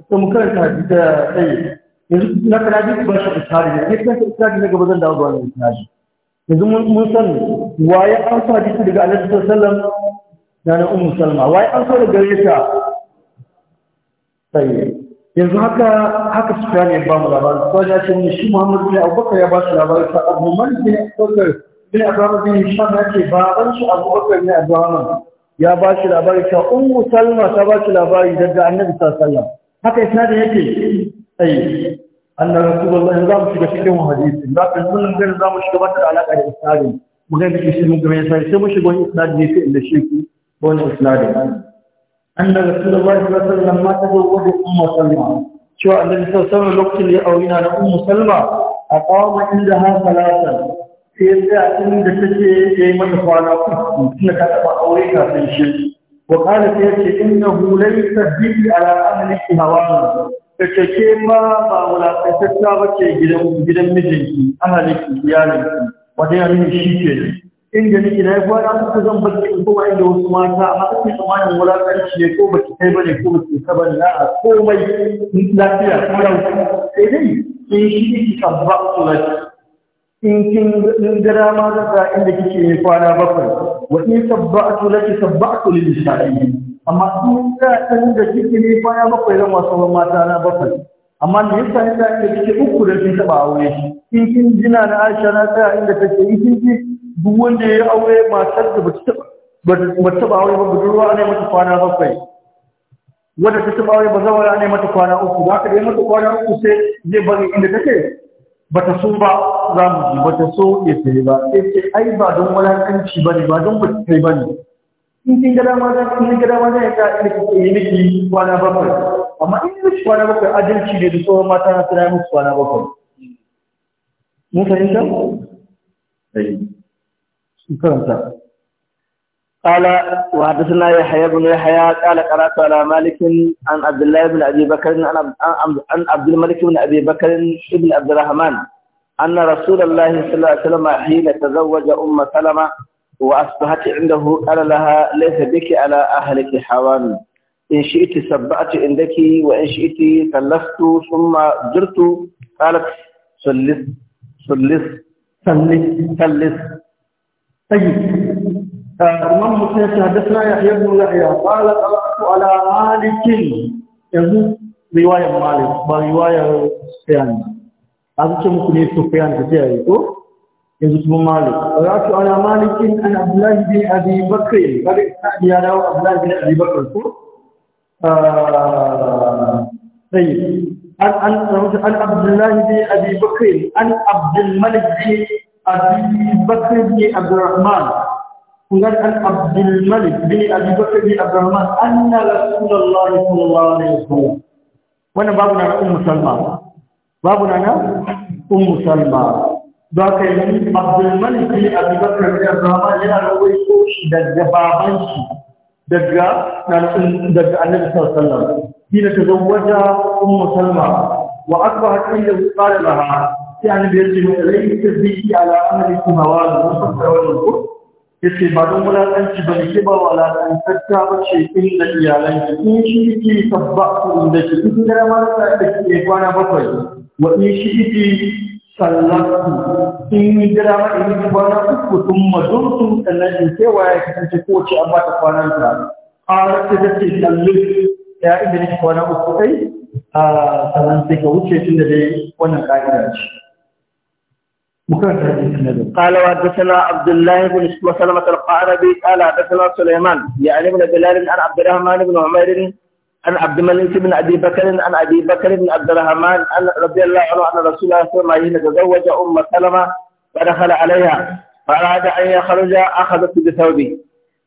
to mu karanta hadisi da sai yanzu na kana ji ba shi tsari ne ne kan tsari ne gaba zan dawo da wannan tsari yanzu mun san waye an hadisi daga sallallahu alaihi wasallam da na Ummu Salma waye an daga sai yanzu haka haka Sufyan ya ba mu labarin ko ya ce shi Muhammad bin Abubakar ya ba shi labarin sa Abu Malik bin Abubakar bin Abdurrahman bin shi ma ce baban shi Abubakar ne Abdurrahman ya ba shi labarin ta Ummu Salma ta ba shi labari daga Annabi sallallahu alaihi wasallam haka isnadin yake sai annar rasulullahi za mu shiga cikin hadisi za ka mun gani za mu shiga wata alaka da isnadin mu ga da shi mun ga mai sai sai mu shiga wani isnadi ne sai da shi ku wani isnadin annar rasulullahi sallallahu alaihi wasallam ma ta zo wajen ummu salma cewa annabi sallallahu alaihi wasallam lokacin ya aure na ummu salma a qama inda ha salatan sai sai a inda take yayi mata kwana uku tunda ka taba aure kafin shi وقالت يا شيخ انه ليس به على اهل هواه Kake ke ma ba wulaƙantacca ba ce gidan mijinki, ahalinki, iyalinki, wata ya nuna shi ke ne. ni nake na kuwa na suka zan baki in kuma inda wasu mata, amma kake tsammanin wulaƙanci ne ko baki kai ba ne ko baki kai ne. na a komai lafiya ko yau. Sai dai in shi ki kan ba su ci. in kin gara ma zaka inda kike kwana bakwai wa in sabba'tu laki sabba'tu lil shafi'i amma su ya ɗan da kike ne baya bakwai da wasu ban mata na bakwai amma me yasa ni da kike uku da kin taɓa aure kin kin jina na Aisha na tsaya inda ta in kin ji duk wanda ya aure matar da bata taɓa bata aure ba budurwa ne mata kwana bakwai wadda ta taɓa aure ba zawara ne mata kwana uku Ba ka da mata kwana uku sai zai bari inda Ba bata so ba za mu ji bata so ya sai ba sai ai ba don wulakanci bane ba don bata ba bane in kin ga dama zan in ga dama zan ka ina ki yi miki kwana bakwai amma in yi miki kwana bakwai adalci ne da tsohon mata na tsira miki kwana bakwai mun fahimta ai shi karanta قال وحدثنا يحيى بن يحيى قال قرات على مالك عن عبد الله بن ابي بكر عن عبد الملك بن ابي بكر بن عبد الرحمن ان رسول الله صلى الله عليه وسلم حين تزوج ام سلمه وأصبحت عنده قال لها ليس بك على أهلك حوان إن شئت سبعت عندك وإن شئت سلفت ثم جرت قالت سلس سلس سلس سلس طيب الإمام مسلم حدثنا يحيى بن يحيى قال قرأت على مالك يزيد رواية مالك ورواية سفيان هذا كم كنت سفيان تجاهي yanzu kuma malik ratu ana malikin an abdullahi bin abi bakr kada ya dawo abdullahi bin abi bakr ko ah, sai an an an abdullahi bin abi bakr an abdul malik bin abi bakr bin abdurrahman kun ga an abdul malik bin abi bakr bin abdurrahman anna rasulullahi sallallahu alaihi wasallam wannan babu na ummu salma babu na ummu salma don ka yi abdulmalik ne a bibakar da zama yana da wai shi daga baban shi daga daga annabi sallallahu hina ta zawwaja ummu salma wa asbaha inda qala laha sai annabi ya ce laysa bi ala amali kumawal wa sawal qur yace ba don wulakanci ba ne ke ba wala wulakantatta ba ce inda iyalan ki in shi ki tabbatu inda ki duk da marasa da ke kwana bakwai wa in shi ki sallatu in jira ma in yi kwana uku sun majurtu sannan in kewa ya kasance ce ko ce an ba ta kwana ta ƙara ta ta ce sallin ya inda nake kwana uku kai a sannan sai ka wuce tun da dai wannan ƙa'ida ce. Mukan ta yi tun da dai. Ƙala wa da sana Abdullahi bin Shukma Salamatar Ƙara bai ƙala da sana Suleiman ya alimu da Bilalin an Abdullahi bin Muhammadu عن عبد الملك بن ابي بكر عن ابي بكر بن عبد الرحمن رضي الله عنه ان رسول الله صلى الله عليه وسلم تزوج ام سلمه فدخل عليها فاراد ان يخرج اخذت بثوبي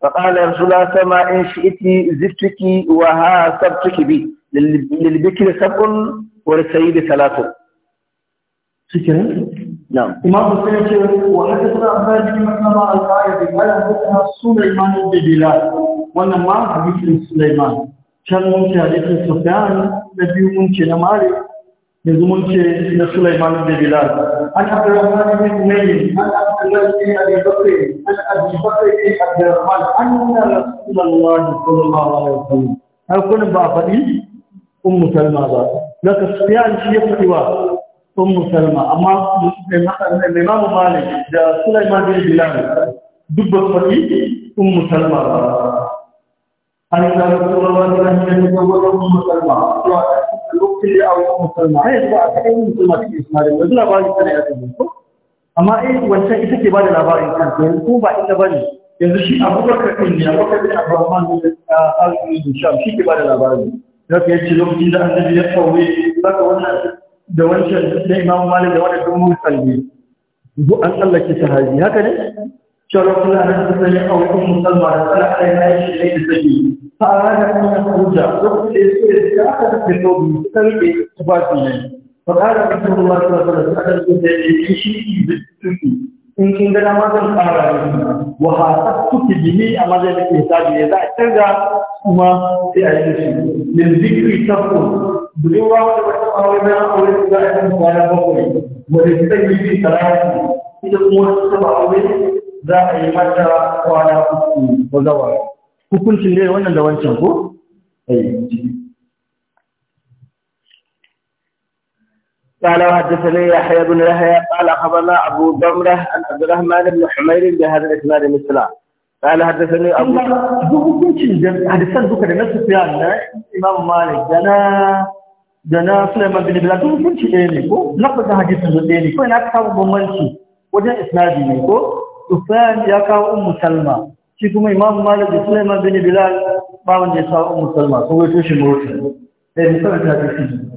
فقال يا رسول الله صلى الله ان شئت زدتك سبتك بي للبكر سبع وللسيد ثلاث. شكرا. نعم. إمام حسين وحدثنا عن هل حدثنا سليمان بن بلال ونما حديث سليمان. can mun ce hadisin Sufyan da biyu mun ce na Malik yanzu mun ce na Sulaiman da Bilal an Abdurrahman ne Mayyin an Abdullah bin Abi ne an ne Bakr bin Abdurrahman anna Rasulullah sallallahu alaihi wasallam har kun ba faɗi Ummu Salma ba daga Sufyan shi ya faɗi wa Ummu Salma amma mai mamu Malik da Sulaiman bin Bilal duk ba faɗi Ummu Salma ba أن رسول الله صلى الله musulma amma eh wancan ita ke ba da labarin kan. yanzu ko ba ita ba ne yanzu shi abubakar ɗin ne abubakar ɗin abrahman ne da arziki da sham shi ke ba da labarin zaka ya ce lokacin da annabi ya sauye zaka wannan da wancan da imam malik da wannan don musulmi an tsallake sahabi haka ne شرف لها نفسه أو أم سلمى دخل عليها يشي إليه السجين فأراد أن يخرج يقول ليسوع تأخذت بثوبه تلقي تبادلين فقال رسول الله صلى الله عليه وسلم أدرك بشيء بالسكي إن كنت لما تنقر وحاسبتك به أما ذلك إحتاج إذا احتاج ما في أجلسي من ذكر تقول بلغة وتقاومة أو إذا أنت على بقري ولستجد في ثلاثة إذا كنت تبعوه za a yi mata kwana uku ko zawa hukuncin dai wannan da wancan ko قال وحدثني يحيى بن يحيى قال خبرنا ابو ضمره عن عبد الرحمن بن حمير بهذا الاسناد مثلا قال حدثني ابو جن حدثنا ذكر بن سفيان امام مالك جنا جنا سليمان بن بلال كنت شيء ne ko lafazin hadisin da ne ko ina ka samu bambanci Ufayan ya kawo أم Salma shi kuma Imam Malik da Sulaiman bin Bilal ba wanda ya kawo Ummu Salma sun wato shi mutum sai mutum ta tafi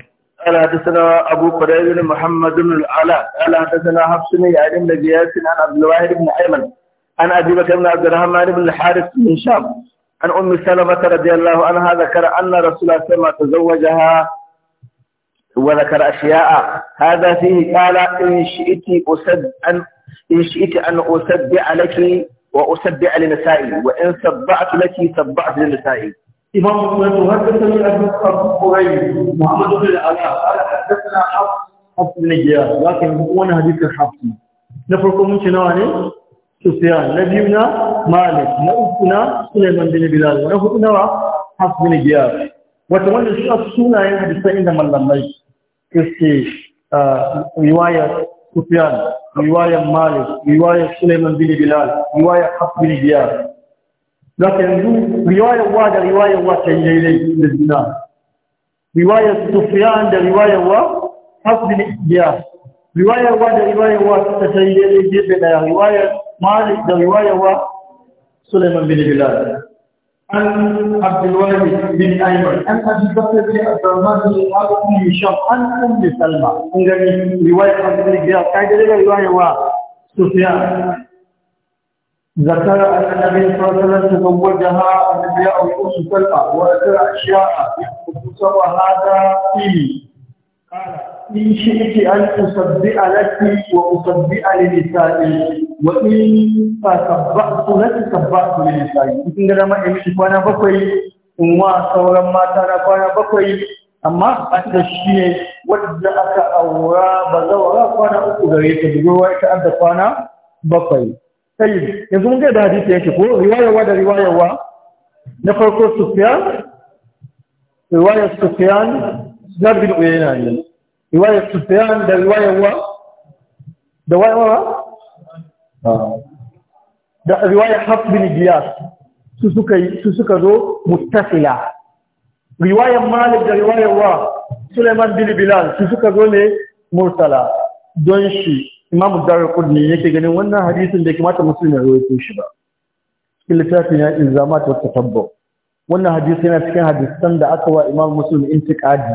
أبو كريم بن محمد بن العلاء قال حدثنا حفص بن يعلم بن جياس عن عبد الواحد بن أيمن أنا أبي بكر بن عبد الرحمن بن الحارث بن شام عن أم سلمة رضي الله عنها ذكر أن رسول الله صلى الله عليه وسلم تزوجها وذكر أشياء هذا فيه قال إن شئت أسد أن in shi'ita an usabbi alaki wa usabbi al nisa'i wa in sabba'tu laki sabba'tu lin nisa'i imam muhammad wa hadathana abu qurayb muhammad bin ala hadathana hafs bin jiya lakin wani hadith al hafs na farko mun ci nawa ne sufyan na biyu na malik na uku na sulaiman bin bilal na hudu nawa hafs bin jiya wata wanda shi sunayen hadisan inda mallamai kiske riwayat Sufyan, Malik, riwaya Sulaiman bin Bilal, riwaya Hab bin Diyar. Zaten bu riwaya wa da riwaya wa da zina. Riwaya Sufyan da riwaya wa Hab bin Diyar. Riwaya wa da riwaya wa ta tayyile da riwaya Malik da riwaya wa Sulaiman bin Bilal. عن عبد الوهاب بن ايمن عن ابي بكر بن عبد الرحمن بن وهاب بن هشام عن ام سلمى عندنا روايه عن ابن جابر قاعده روايه سفيان ذكر أن النبي صلى الله عليه وسلم تزوجها الأنبياء وأم سلمة وذكر أشياء يحبسها وهذا فيه قال إن شئت أن أصدئ لك وأصدئ لنسائي وإن فسبأت لك سبأت لنسائي إن لما إمشي فأنا بقي وما sauran ما ترى فأنا بقي amma da shi ne wadda aka aura ba zawara kwana uku gare ta budurwa ita adda kwana bakwai sai yanzu mun ga da hadisi yake ko riwayarwa da riwayarwa na farko sufyan riwayar sufyan uyayna ne riwayar Sufyan da riwayar wa da wayawa da riwayar Hafs bin Giyas su suka su suka zo muttasila riwayar Malik da riwayar wa Sulaiman bin Bilal su suka zo ne mursala don shi Imam Darqutni yake ganin wannan hadisin da kamata musulmi ya rawaito shi ba littafin ya ilzamat wa tatabbu wannan hadisi yana cikin hadisan da aka wa Imam Muslim intiqadi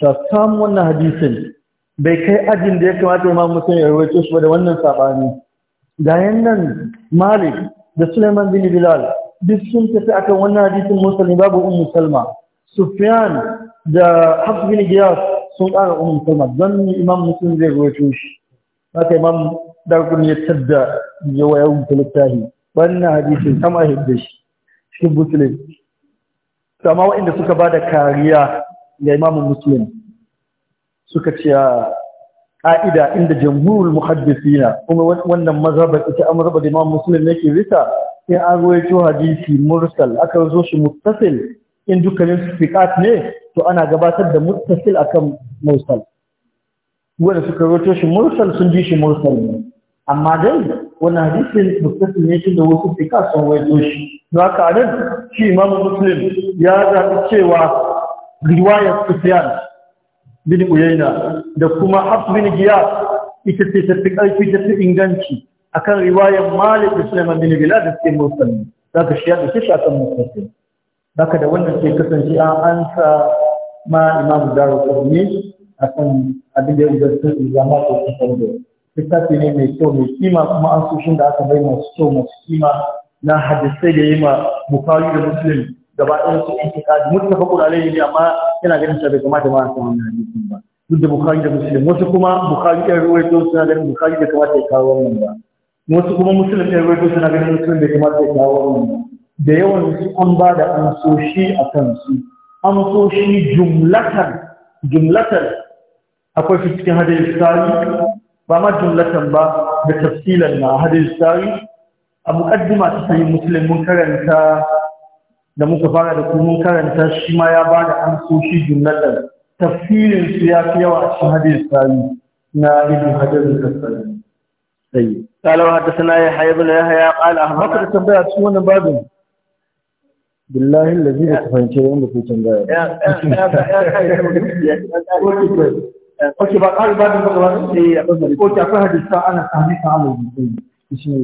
ta samu wannan hadisin bai kai ajin da ya kamata imam musulun ya rawaito shi da wannan saɓani ga nan malik da suleiman bin bilal duk sun tafi akan wannan hadisin Musulmi babu ummu salma sufyan da hafs bin giyas sun ƙara ummu salma don imam musulun zai rawaito shi haka imam darkun ya tadda ya waya rubuta littafi wannan hadisin sama hidda shi shi musulmi sama waɗanda suka ba da kariya da imamun muslim suka ce ƙa'ida ah, inda jamhurul na kuma wannan mazhabar ita a mazhabar da imamun muslim ne ke rita in an rawaito hadisi mursal aka zo shi muttasil in dukkanin su fiqat ne to ana gabatar da muttasil akan mursal wanda suka rawaito shi mursal sun ji shi mursal ne amma dai wani hadisin muttasil ne da wasu fiqat sun rawaito shi don haka nan shi imamu muslim ya zaɓi cewa riwayar Sufyan bin Uyayna da kuma Hafs bin Giyas ita ce ta fi ƙarfi ta fi inganci akan riwayar Malik da suna bin Bilal da suke musulmi zaka shi ya dace shi akan musulmi ka da wannan ke kasance an ansa ma Imam a kan abin da ya gudanta zama ko kusan da littafi ne mai kyau mai kima kuma an sushin da aka bai masu kyau masu kima na hadisai da yi ma bukari da musulmi. gaba ɗayan su mutu muttafaqun alayhi ne amma yana ganin cewa bai kamata ma a san na hadisin ba duk da bukari da musulun wasu kuma bukhari ruwa ya suna ganin bukari bai kamata ya kawo wannan ba wasu kuma muslim ruwa ya suna ganin musulun bai kamata ya kawo wannan ba da yawan su an ba da amsoshi a kan su. amsoshi jumlatan jumlatan akwai su cikin hadis sari ba ma jumlatan ba da tafsilan na hadis sari a muƙaddima ta sahih musulun mun karanta da muka fara da kuma karanta shi ma ya ba da amsoshi jumlatan tafsirin su ya fi yawa a cikin hadis sami na ibn hajar al-asqalani sai قال وحدثنا يحيى بن يحيى قال احمد بن تنبيه cikin wannan babin billahi allazi da ta fahimci wanda ku tambaya Okay, ba ƙari ba da ba da wani ɗaya a ɗaukar. Okay, akwai hadisa ana sami ta alaƙi.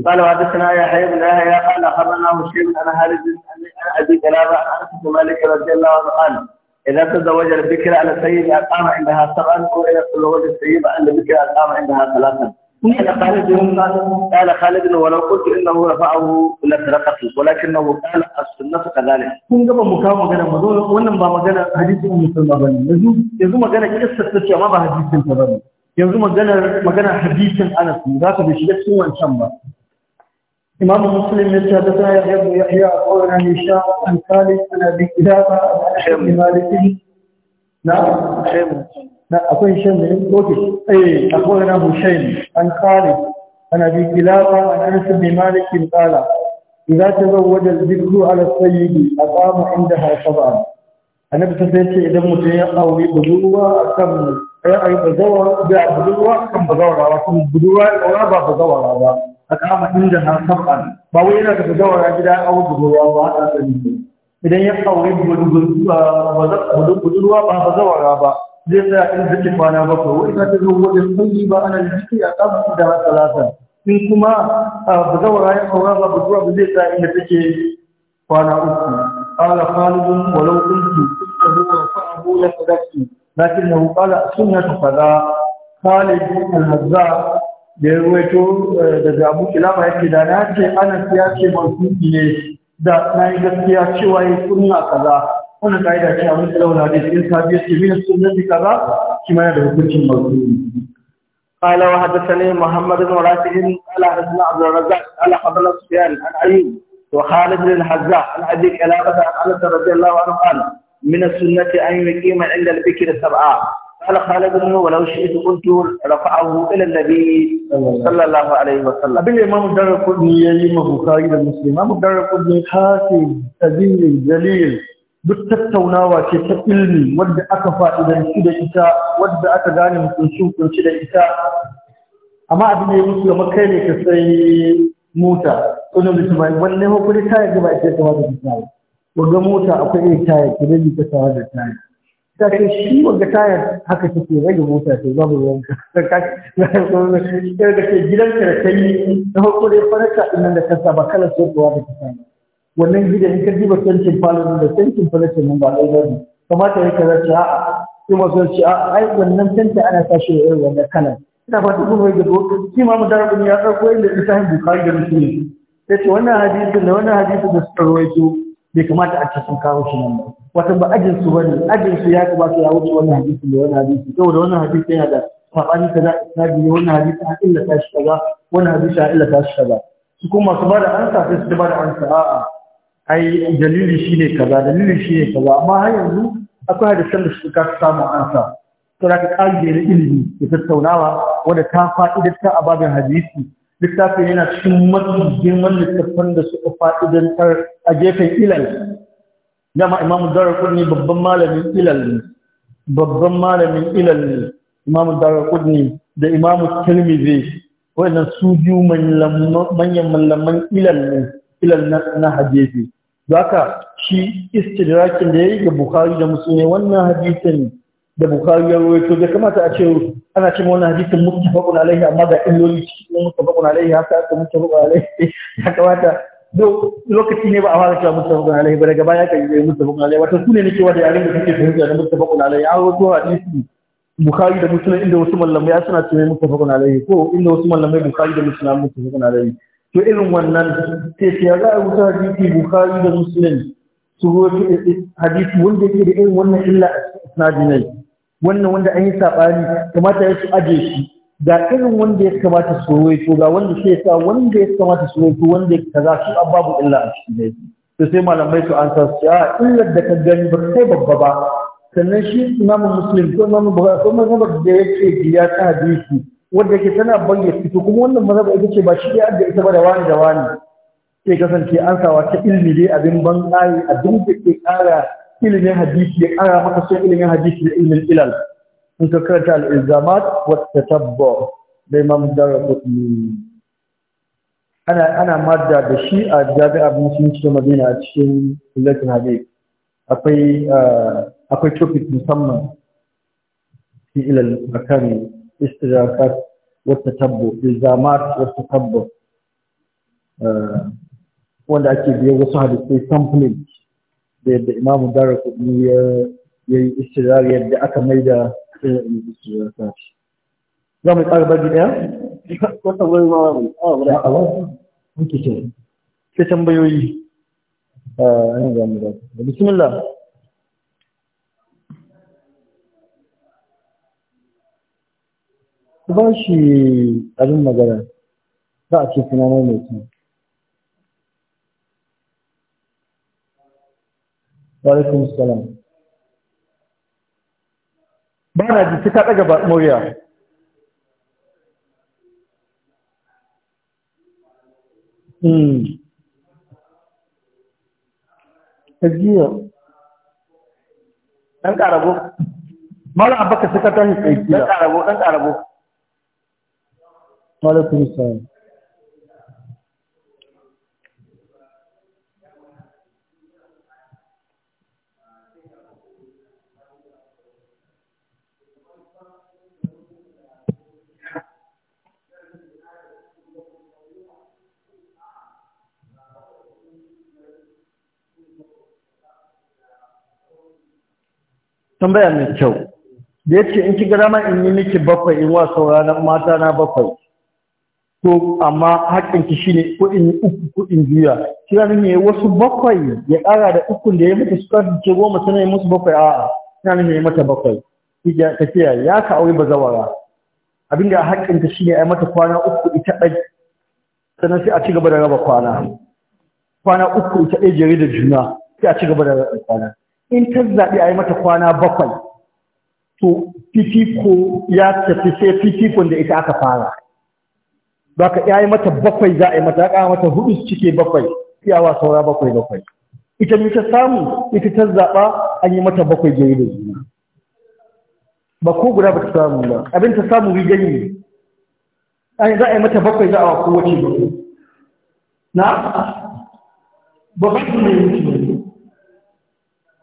قال وحدثنا يا حي بن يحيى قال اخبرنا هشيم عن خالد عن ابي كلابه عن انس مالك رضي الله عنه قال اذا تزوج البكر على السيد اقام عندها سبعا واذا تزوج السيد عند البكر اقام عندها ثلاثا قال خالد قال خالد ولو قلت انه رفعه لسرقته ولكنه قال السنه كذلك كن قبل mu kawo magana mu zo wannan ba magana hadisin musulma bane yanzu yanzu magana kissa ce amma ba hadisin ta yanzu maganar maganar hadisin anas ne za ka bi shiga cikin wancan ba imam muslim ya ce da ta ya yabo ya ya aura ne sha an kale ana bi kidaba shi maliki na shem na akwai shem ne oke eh akwai na hushain an ana bi kidaba ana shi bi maliki kala idan ta zo wajen zikru ala a aqama inda hasaba annabi ta sai ce idan mutum ya aure budurwa akan ra'ayi bazawa da budurwa akan bazawara kuma budurwa ya ba bazawara ba a kama inda na saban ba wai yana da bazawara gida a wuce budurwa ba a tsari ne idan ya aure budurwa ba bazawara ba zai tsaya in zaki kwana bakwai wani ta ta zo wajen kulli ba ana jiki a kama da na in kuma bazawara ya aura ba budurwa ba zai tsaya inda take kwana uku قال خالد ولو كنت نفسه ورفعه لك نفسي لكنه قال سنة كذا خالد المزار da ya ruwaito daga abu kilama yake da na ce anas ya ce mansuki ne da na yi gaskiya cewa ya kunna kaza wannan ka'ida ce a mutu launa kaza shi mana da hukuncin mansuki قال وحدثني محمد بن راشد قال حدثنا عبد الرزاق قال حدثنا سفيان عن ايوب وخالد بن الحزاء عن ابي كلابه عن انس رضي الله عنه قال من السنة أن يقيم عند الذكر سبعة قال خالد بن ولو شئت قلت رفعه إلى النبي صلى الله عليه وسلم أبي الإمام دار القدني يليم بخاري المسلم إمام دار القدني حاسم سبيل جليل duk tattaunawa ce ta ilmi wadda aka fa'idanci da ita wadda aka gane mutunci da ita amma abin da ya ne ka sai mota tsunan mutum wanne hukuri ta yi gaba waga mota akwai iya tayar ki rage ta sawa da tayar ta ce shi waga tayar haka take rage mota ce babu wanka. da ke gidanka da ta yi na hakuri farka ɗin da ka saba kalar sokowa da ta saba wannan gidan in ka diba tantin falon da tantin falon nan ba ɗaya ba ne kamata ya kaza ce a'a ma masu ce a'a ai wannan tantin ana sashi da irin wannan kalar ina fata kuma ya gado ki ma mu darabin ya ɗauko inda ita hin bukari da musulmi sai ce wannan hadisin da wannan hadisin da suka rawaito bai kamata a cikin sun kawo shi nan ba wata ba ajin su bane ajin su ya kamata ya wuce wannan hadisi da wannan hadisi saboda wannan hadisi yana da sabani kaza isnadi ne wannan hadisi an illata shi kaza wannan hadisi an illata shi kaza su kuma su bada ansa sai su bada da ansa a'a ai dalili shine kaza dalili shine kaza amma har yanzu akwai hadisan da suka samu ansa to da ka kage ilimi da tattaunawa wanda ta fa'idatar a babin hadisi littafin yana cikin mafi girman littafin da suka tar a gefen ilal dama imamu darakudni babban malamin ilal ne babban malamin ilal ne imamu darakudni da imamu tirmidhi wannan su biyu manyan mallaman ilal ne ilal na hadisi zaka shi istidrakin da yi ga bukhari da Musulmi, wannan hadisin da bukari ya rawaito bai kamata a ce ana ce wani hadisin muttafaqun alaihi amma ga illoli cikin muttafaqun alaihi haka aka muttafaqun alaihi ya kamata lokaci ne ba a fara cewa muttafaqun alaihi ba daga baya ka yi muttafaqun alaihi wato sune ne cewa da yarin da suke fahimta da muttafaqun alaihi an rawaito hadisi bukari da muslim inda wasu mallamai suna cewa muttafaqun alaihi ko inda wasu mallamai bukari da muslim muttafaqun alaihi to irin wannan sai ya za a hadisi bukari da Musulmi, su rawaito hadisi wanda yake da irin wannan illa a cikin wannan wanda an yi saɓani kamata ya su aje shi ga irin wanda ya kamata su rawaito ga wanda sai sa wanda ya kamata su rawaito wanda ya kaza su an babu illa a cikin ne to sai malamai su an san su a illar da ka gani ba kai babba ba sannan shi imamu muslim ko imamu bukhari ko da yake biya ta hadisi wanda ke tana bange fito kuma wannan mazhaba ita ce ba shi ya da ita ba da wani da wani sai kasance an sawa ta ilmi dai abin ban a duk da ke kara ilimin hadisi ya ƙara maka son ilimin hadisi da ilimin ilal in ka karanta al-ilzamat wa tatabbu da imam darqutni ana ana madda da shi a jami'a musulunci ta madina a cikin kullatin hadis akwai akwai topic musamman في الى المكان استدراكات والتتبع الزامات والتتبع wanda ake biyo wasu hadisai sampling da yadda imamu dara kuɗi ya yi istirar yadda aka mai da istirar sashi za mu tsara bagi ɗaya? wata wani ma wani awa guda a wasu muke ce sai tambayoyi a yanzu za mu da bismillah ku ba shi abin magana za a ce tunanin mai وعليكم السلام بانا دي تكات اجابة مويا ما انك عربو مالا عبك سكتان ايكيا انك عربو انك عربو وعليكم السلام tambaya mai kyau da yace in ki gara ma in yi miki bakwai in wasa sauraron mata na bakwai to amma hakkin ki shine ko in uku ko in juya kira ne wasu bakwai ya ƙara da ukun da ya mata suka ce goma tana yi musu bakwai a'a ina ne ya mata bakwai kija ta kiyaye ya ka aure bazawara abinda haƙƙin ta shine ai mata kwana uku ita ɗai sannan sai a ci gaba da raba kwana kwana uku ita ɗai jere da juna sai a ci gaba da raba kwana in ta zaɓi a yi mata kwana bakwai to fifiko ya tafi sai fifikon da ita aka fara ba ka ya yi mata bakwai za a yi mata ya ƙara mata hudu cike bakwai fiyawa saura bakwai bakwai ita ne ta samu ita ta zaɓa an yi mata bakwai gari da juna ba ko guda ba ta samu ba abin ta samu rigani ne za a yi mata bakwai za a wa kowace bakwai na ba ba su ne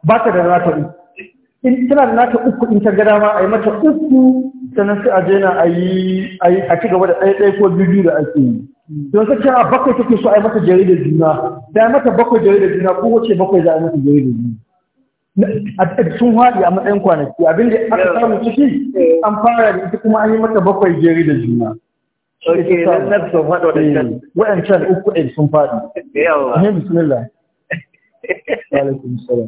ba ta da nata uku in tana da nata uku in ta ga dama a yi mata uku sannan sai a je na a yi a ci gaba da ɗaya ɗaya ko biyu da ake yi don sai a bakwai take so a yi mata jari da juna da mata bakwai jari da juna ko wace bakwai za a yi mata jari da juna A sun haɗi a matsayin kwanaki abin da aka samu ciki an fara da ita kuma an yi mata bakwai jari da juna eh, waɗancan uku ɗin sun faɗi. Yawa. Eh, bismillah. Alaikum salam.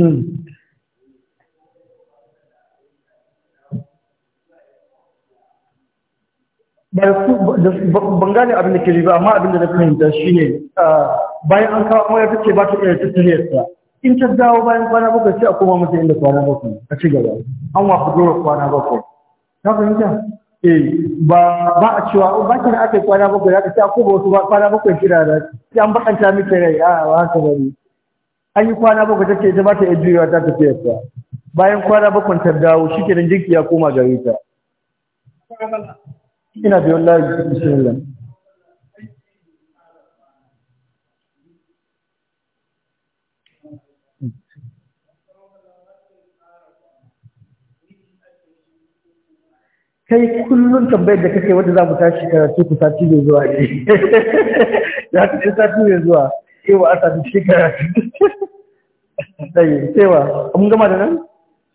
Hmm. ban gane abin da ke ba amma abin da na fahimta shi ne bayan an kawo waya ta ce ba ta iya ta in ta dawo bayan kwana bakwai sai a koma mata inda kwana bakwai a ci gaba an wafi dora kwana bakwai ta fahimta eh ba ba a cewa oh, ba ta da aka yi kwana bakwai ya ta ce a koma wasu kwana bakwai kira da sai an bakanta miki rai a ah, ba haka bari. an yi kwana bakwai ta ce ita ba ta iya juyawa ta tafi ta bayan kwana bakwai ta dawo shi kenan jinki ya koma gare ta ina da wallahi bismillah kai kullum tambayar da kake wata za mu tashi karatu ku sati mai zuwa ne za ku ci sati mai zuwa sai wa asa shi karatu tsaye cewa mun gama da nan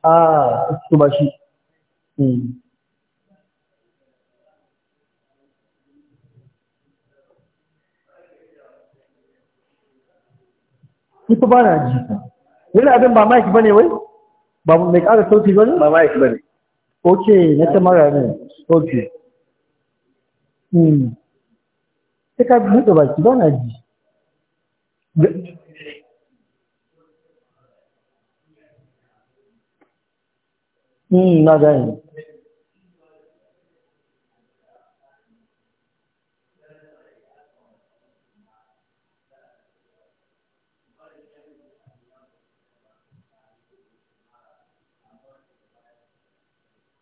a su ba shi hmm. Nifa ba na ji. Wani abin ba mike ba ne wai? Ba mai kara sauti ba ne? Ba mike ba ne. Ok, na mara ne. Ok. Hmm. Sai ka buɗe baki ba na ji. Hmm, not gani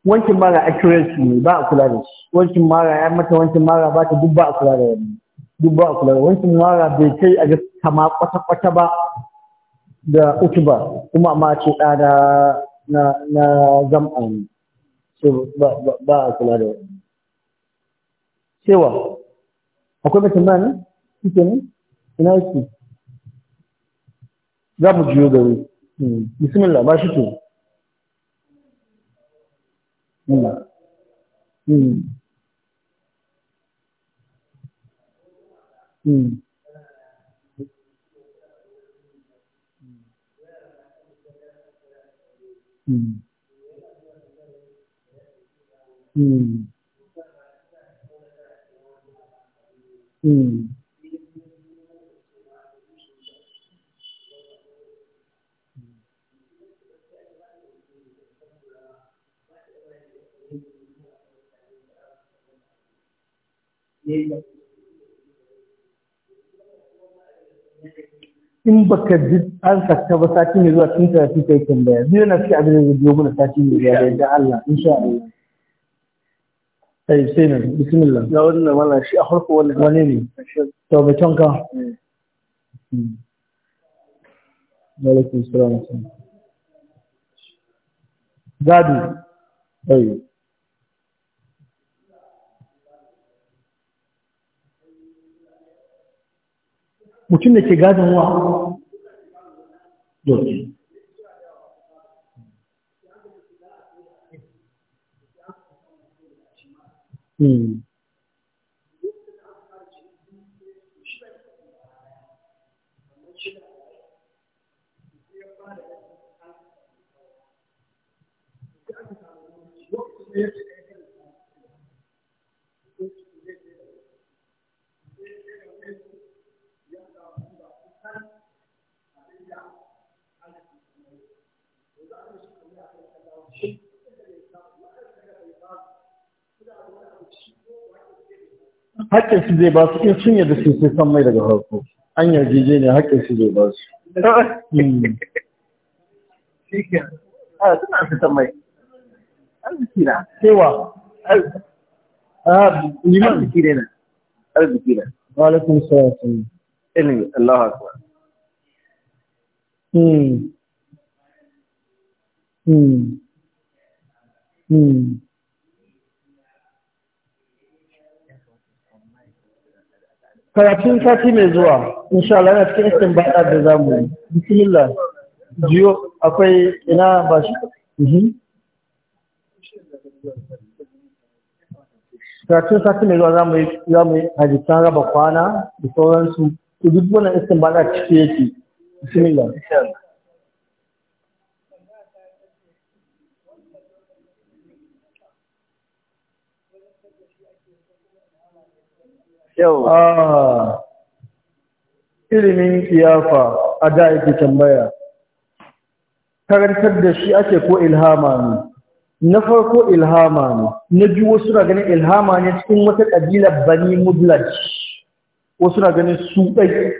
wankin mara accuracy ne ba a kula da shi wankin mara ya mata wankin mara ba ta duk ba a kula da wani duk ba a kula da wankin mara bai kai a ga kama kwata-kwata ba da uku ba kuma ma ce ɗada na na zam'ani so ba a kula da wani cewa akwai mutum ba ne shi ne ina yake za mu jiyo gari hmm. bismillah ba shi ke Hmm. Hmm. hmm. Mm. in baka ji an sakta ba sati mai zuwa cikin karatu kai kan baya biyu na fi abin da biyo mana sati mai zuwa da yadda Allah insha Allah ai sai nan bismillah ga wannan wannan shi a farko wannan wani ne to mai tonka alaikum salam gadi ai mutum da ke gadon wa doki Yes. Hmm. hakkin su zai ba su in sun yadda su sai san mai daga farko an yarjeje ne hakkin su zai ba su suna su san mai cewa ne Hmm. hmm. hmm. hmm. karatun sati mai zuwa insha Allah yana cikin bada da zamu yi bismillah jiyo akwai ina ba shi mhm. karatun sati mai zuwa zamu yi zamu yi hajjitan raba kwana da sauransu ku duk wannan bada ciki yake bismillah Ah, ilimin kiyafa a da yake tambaya karantar da shi ake ko ilhama ne na farko ilhama ne na biyu wasu na ganin ilhama ne cikin wata ƙabila bani mudlaj wasu na ganin su ɗai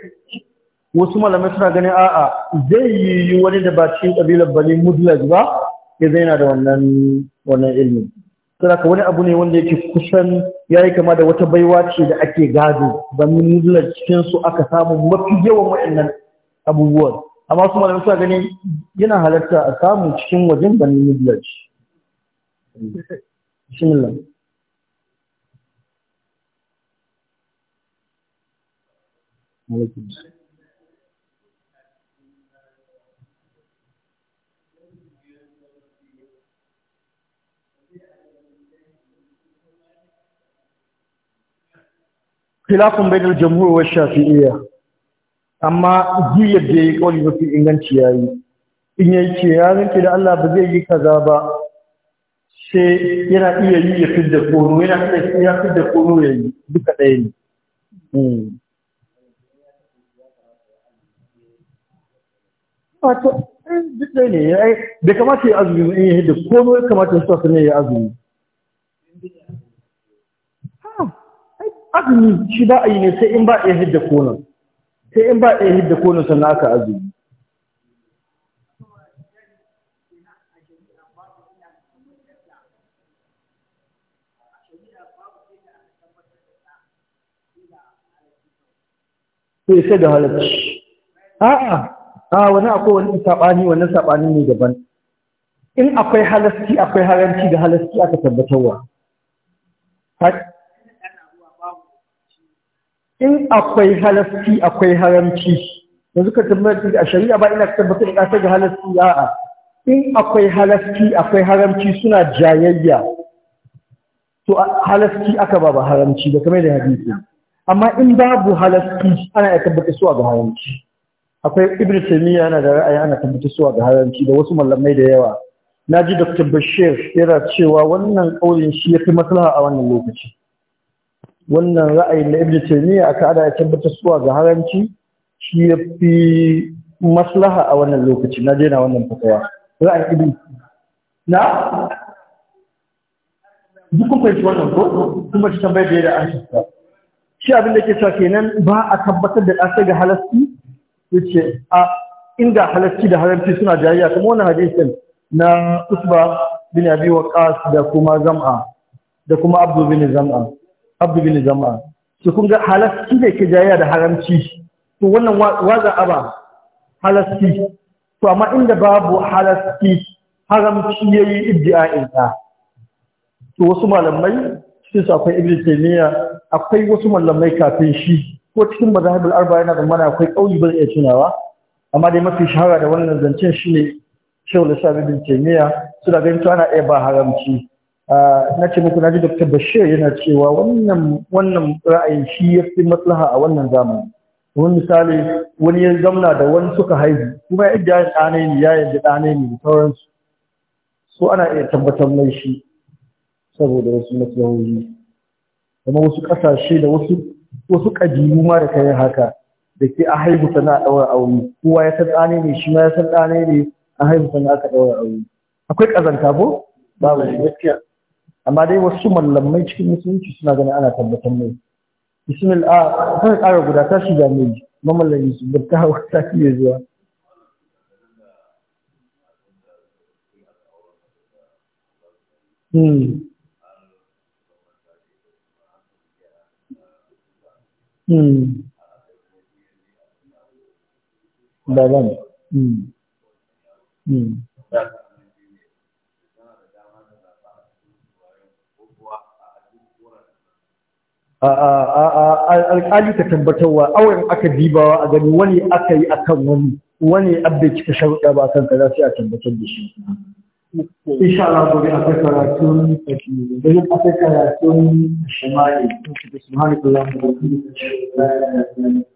wasu malamai suna ganin a'a zai yi wani da ba cikin ƙabilar bani mudlaj ba ya zai na da wannan wannan ilmi ka, wani abu ne wanda yake kusan ya yi kama da wata baiwa ce da ake gado ba nuna cikin su aka samu mafi yawan waɗannan abubuwan amma su malamin suna gani yana halarta a samu cikin wajen bani nudlaj bismillah khilafin bainal jamhur wa shafi'iyya amma duk yadda yi kawai mafi inganci ya yi. in yi ce ya zanke da Allah ba zai yi kaza ba sai yana iya yi ya fidda kono yana iya ya fidda kono yi duka ɗaya ne hmm. wato eh, duk ɗaya ne ya da kamata ya azumi in ya da kono ya kamata ya sa ne ya azumi azumi shi ba a yi ne sai in ba ɗaya hidda konon sai in ba ɗaya hidda konon sannan aka azumi sai sai da halarci a'a a wani akwai wani saɓani wani saɓani ne daban in akwai halarci akwai haranci da halarci aka tabbatarwa in akwai halasti akwai haramci yanzu ka tabbatar a shari'a ba ina tabbatar da da halasci a'a in akwai halasti akwai haramci suna jayayya to halasti aka ba ba haramci da kamar da hadisi amma in babu halasti ana ya tabbata suwa ga haramci akwai ibn taymiya yana da ra'ayi ana tabbata suwa ga haramci da wasu mallamai da yawa naji dr bashir yana cewa wannan kaulin shi yafi maslaha a wannan lokaci wannan ra'ayin na ibn taymiya aka ada ya tabbata suwa ga haranci shi ya fi maslaha a wannan lokaci na daina wannan fatawa ra'ayin ibn na duk kun fahimci wannan ko kuma shi tambayar da an shiga shi abin da ke cewa kenan ba a tabbatar da ɗasa ga halasti yace a inda halasti da haramci suna jayayya kuma wannan hadisin na usba bin abi waqas da kuma zam'a da kuma abdu bin zam'a Abdullahi bin jama'a su kun ga halasci ne ke jayayya da haramci to wannan waza aba halasci to amma inda babu halasci haramci yayi yi ta to wasu malamai sai su akwai ibn taymiya akwai wasu malamai kafin shi ko cikin mazhabul arba yana da mana akwai kauli ba iya tunawa amma dai mafi shahara da wannan zancen shine Shehu Lissabi bin Taymiya suna ganin to ana iya ba haramci na ce muku ji Dr. Bashir yana cewa wannan wannan ra'ayin shi ya fi maslaha a wannan zamani. Wani misali wani ya zamna da wani suka haihu kuma ya yadda ɗane ne ya yanzu ɗane ne da sauransu. So ana iya tabbatar mai shi saboda wasu maslahohi. Kuma wasu ƙasashe da wasu wasu ƙabilu ma da yi haka da ke a haihu sana a ɗaura aure. Kowa ya san ɗane ne shi ma ya san ɗane ne a haihu sana aka ɗaura aure. Akwai ƙazanta ko? Babu gaskiya. amma dai wasu mallamai cikin musulunci suna ganin ana tabbatar mai bismillah ta ƙara guda ta shiga mai mamallari su ba ta hawa ta fiye zuwa Hmm. Hmm. Daban. Hmm. Hmm. alƙali ta tabbatarwa auren aka dibawa a gani wani aka yi akan wani wani abda cika sharuɗa ba kan kaza sai a tabbatar da shi insha Allah gobe akwai karatun gobe akwai karatun shimali subhanallahi wa bihamdihi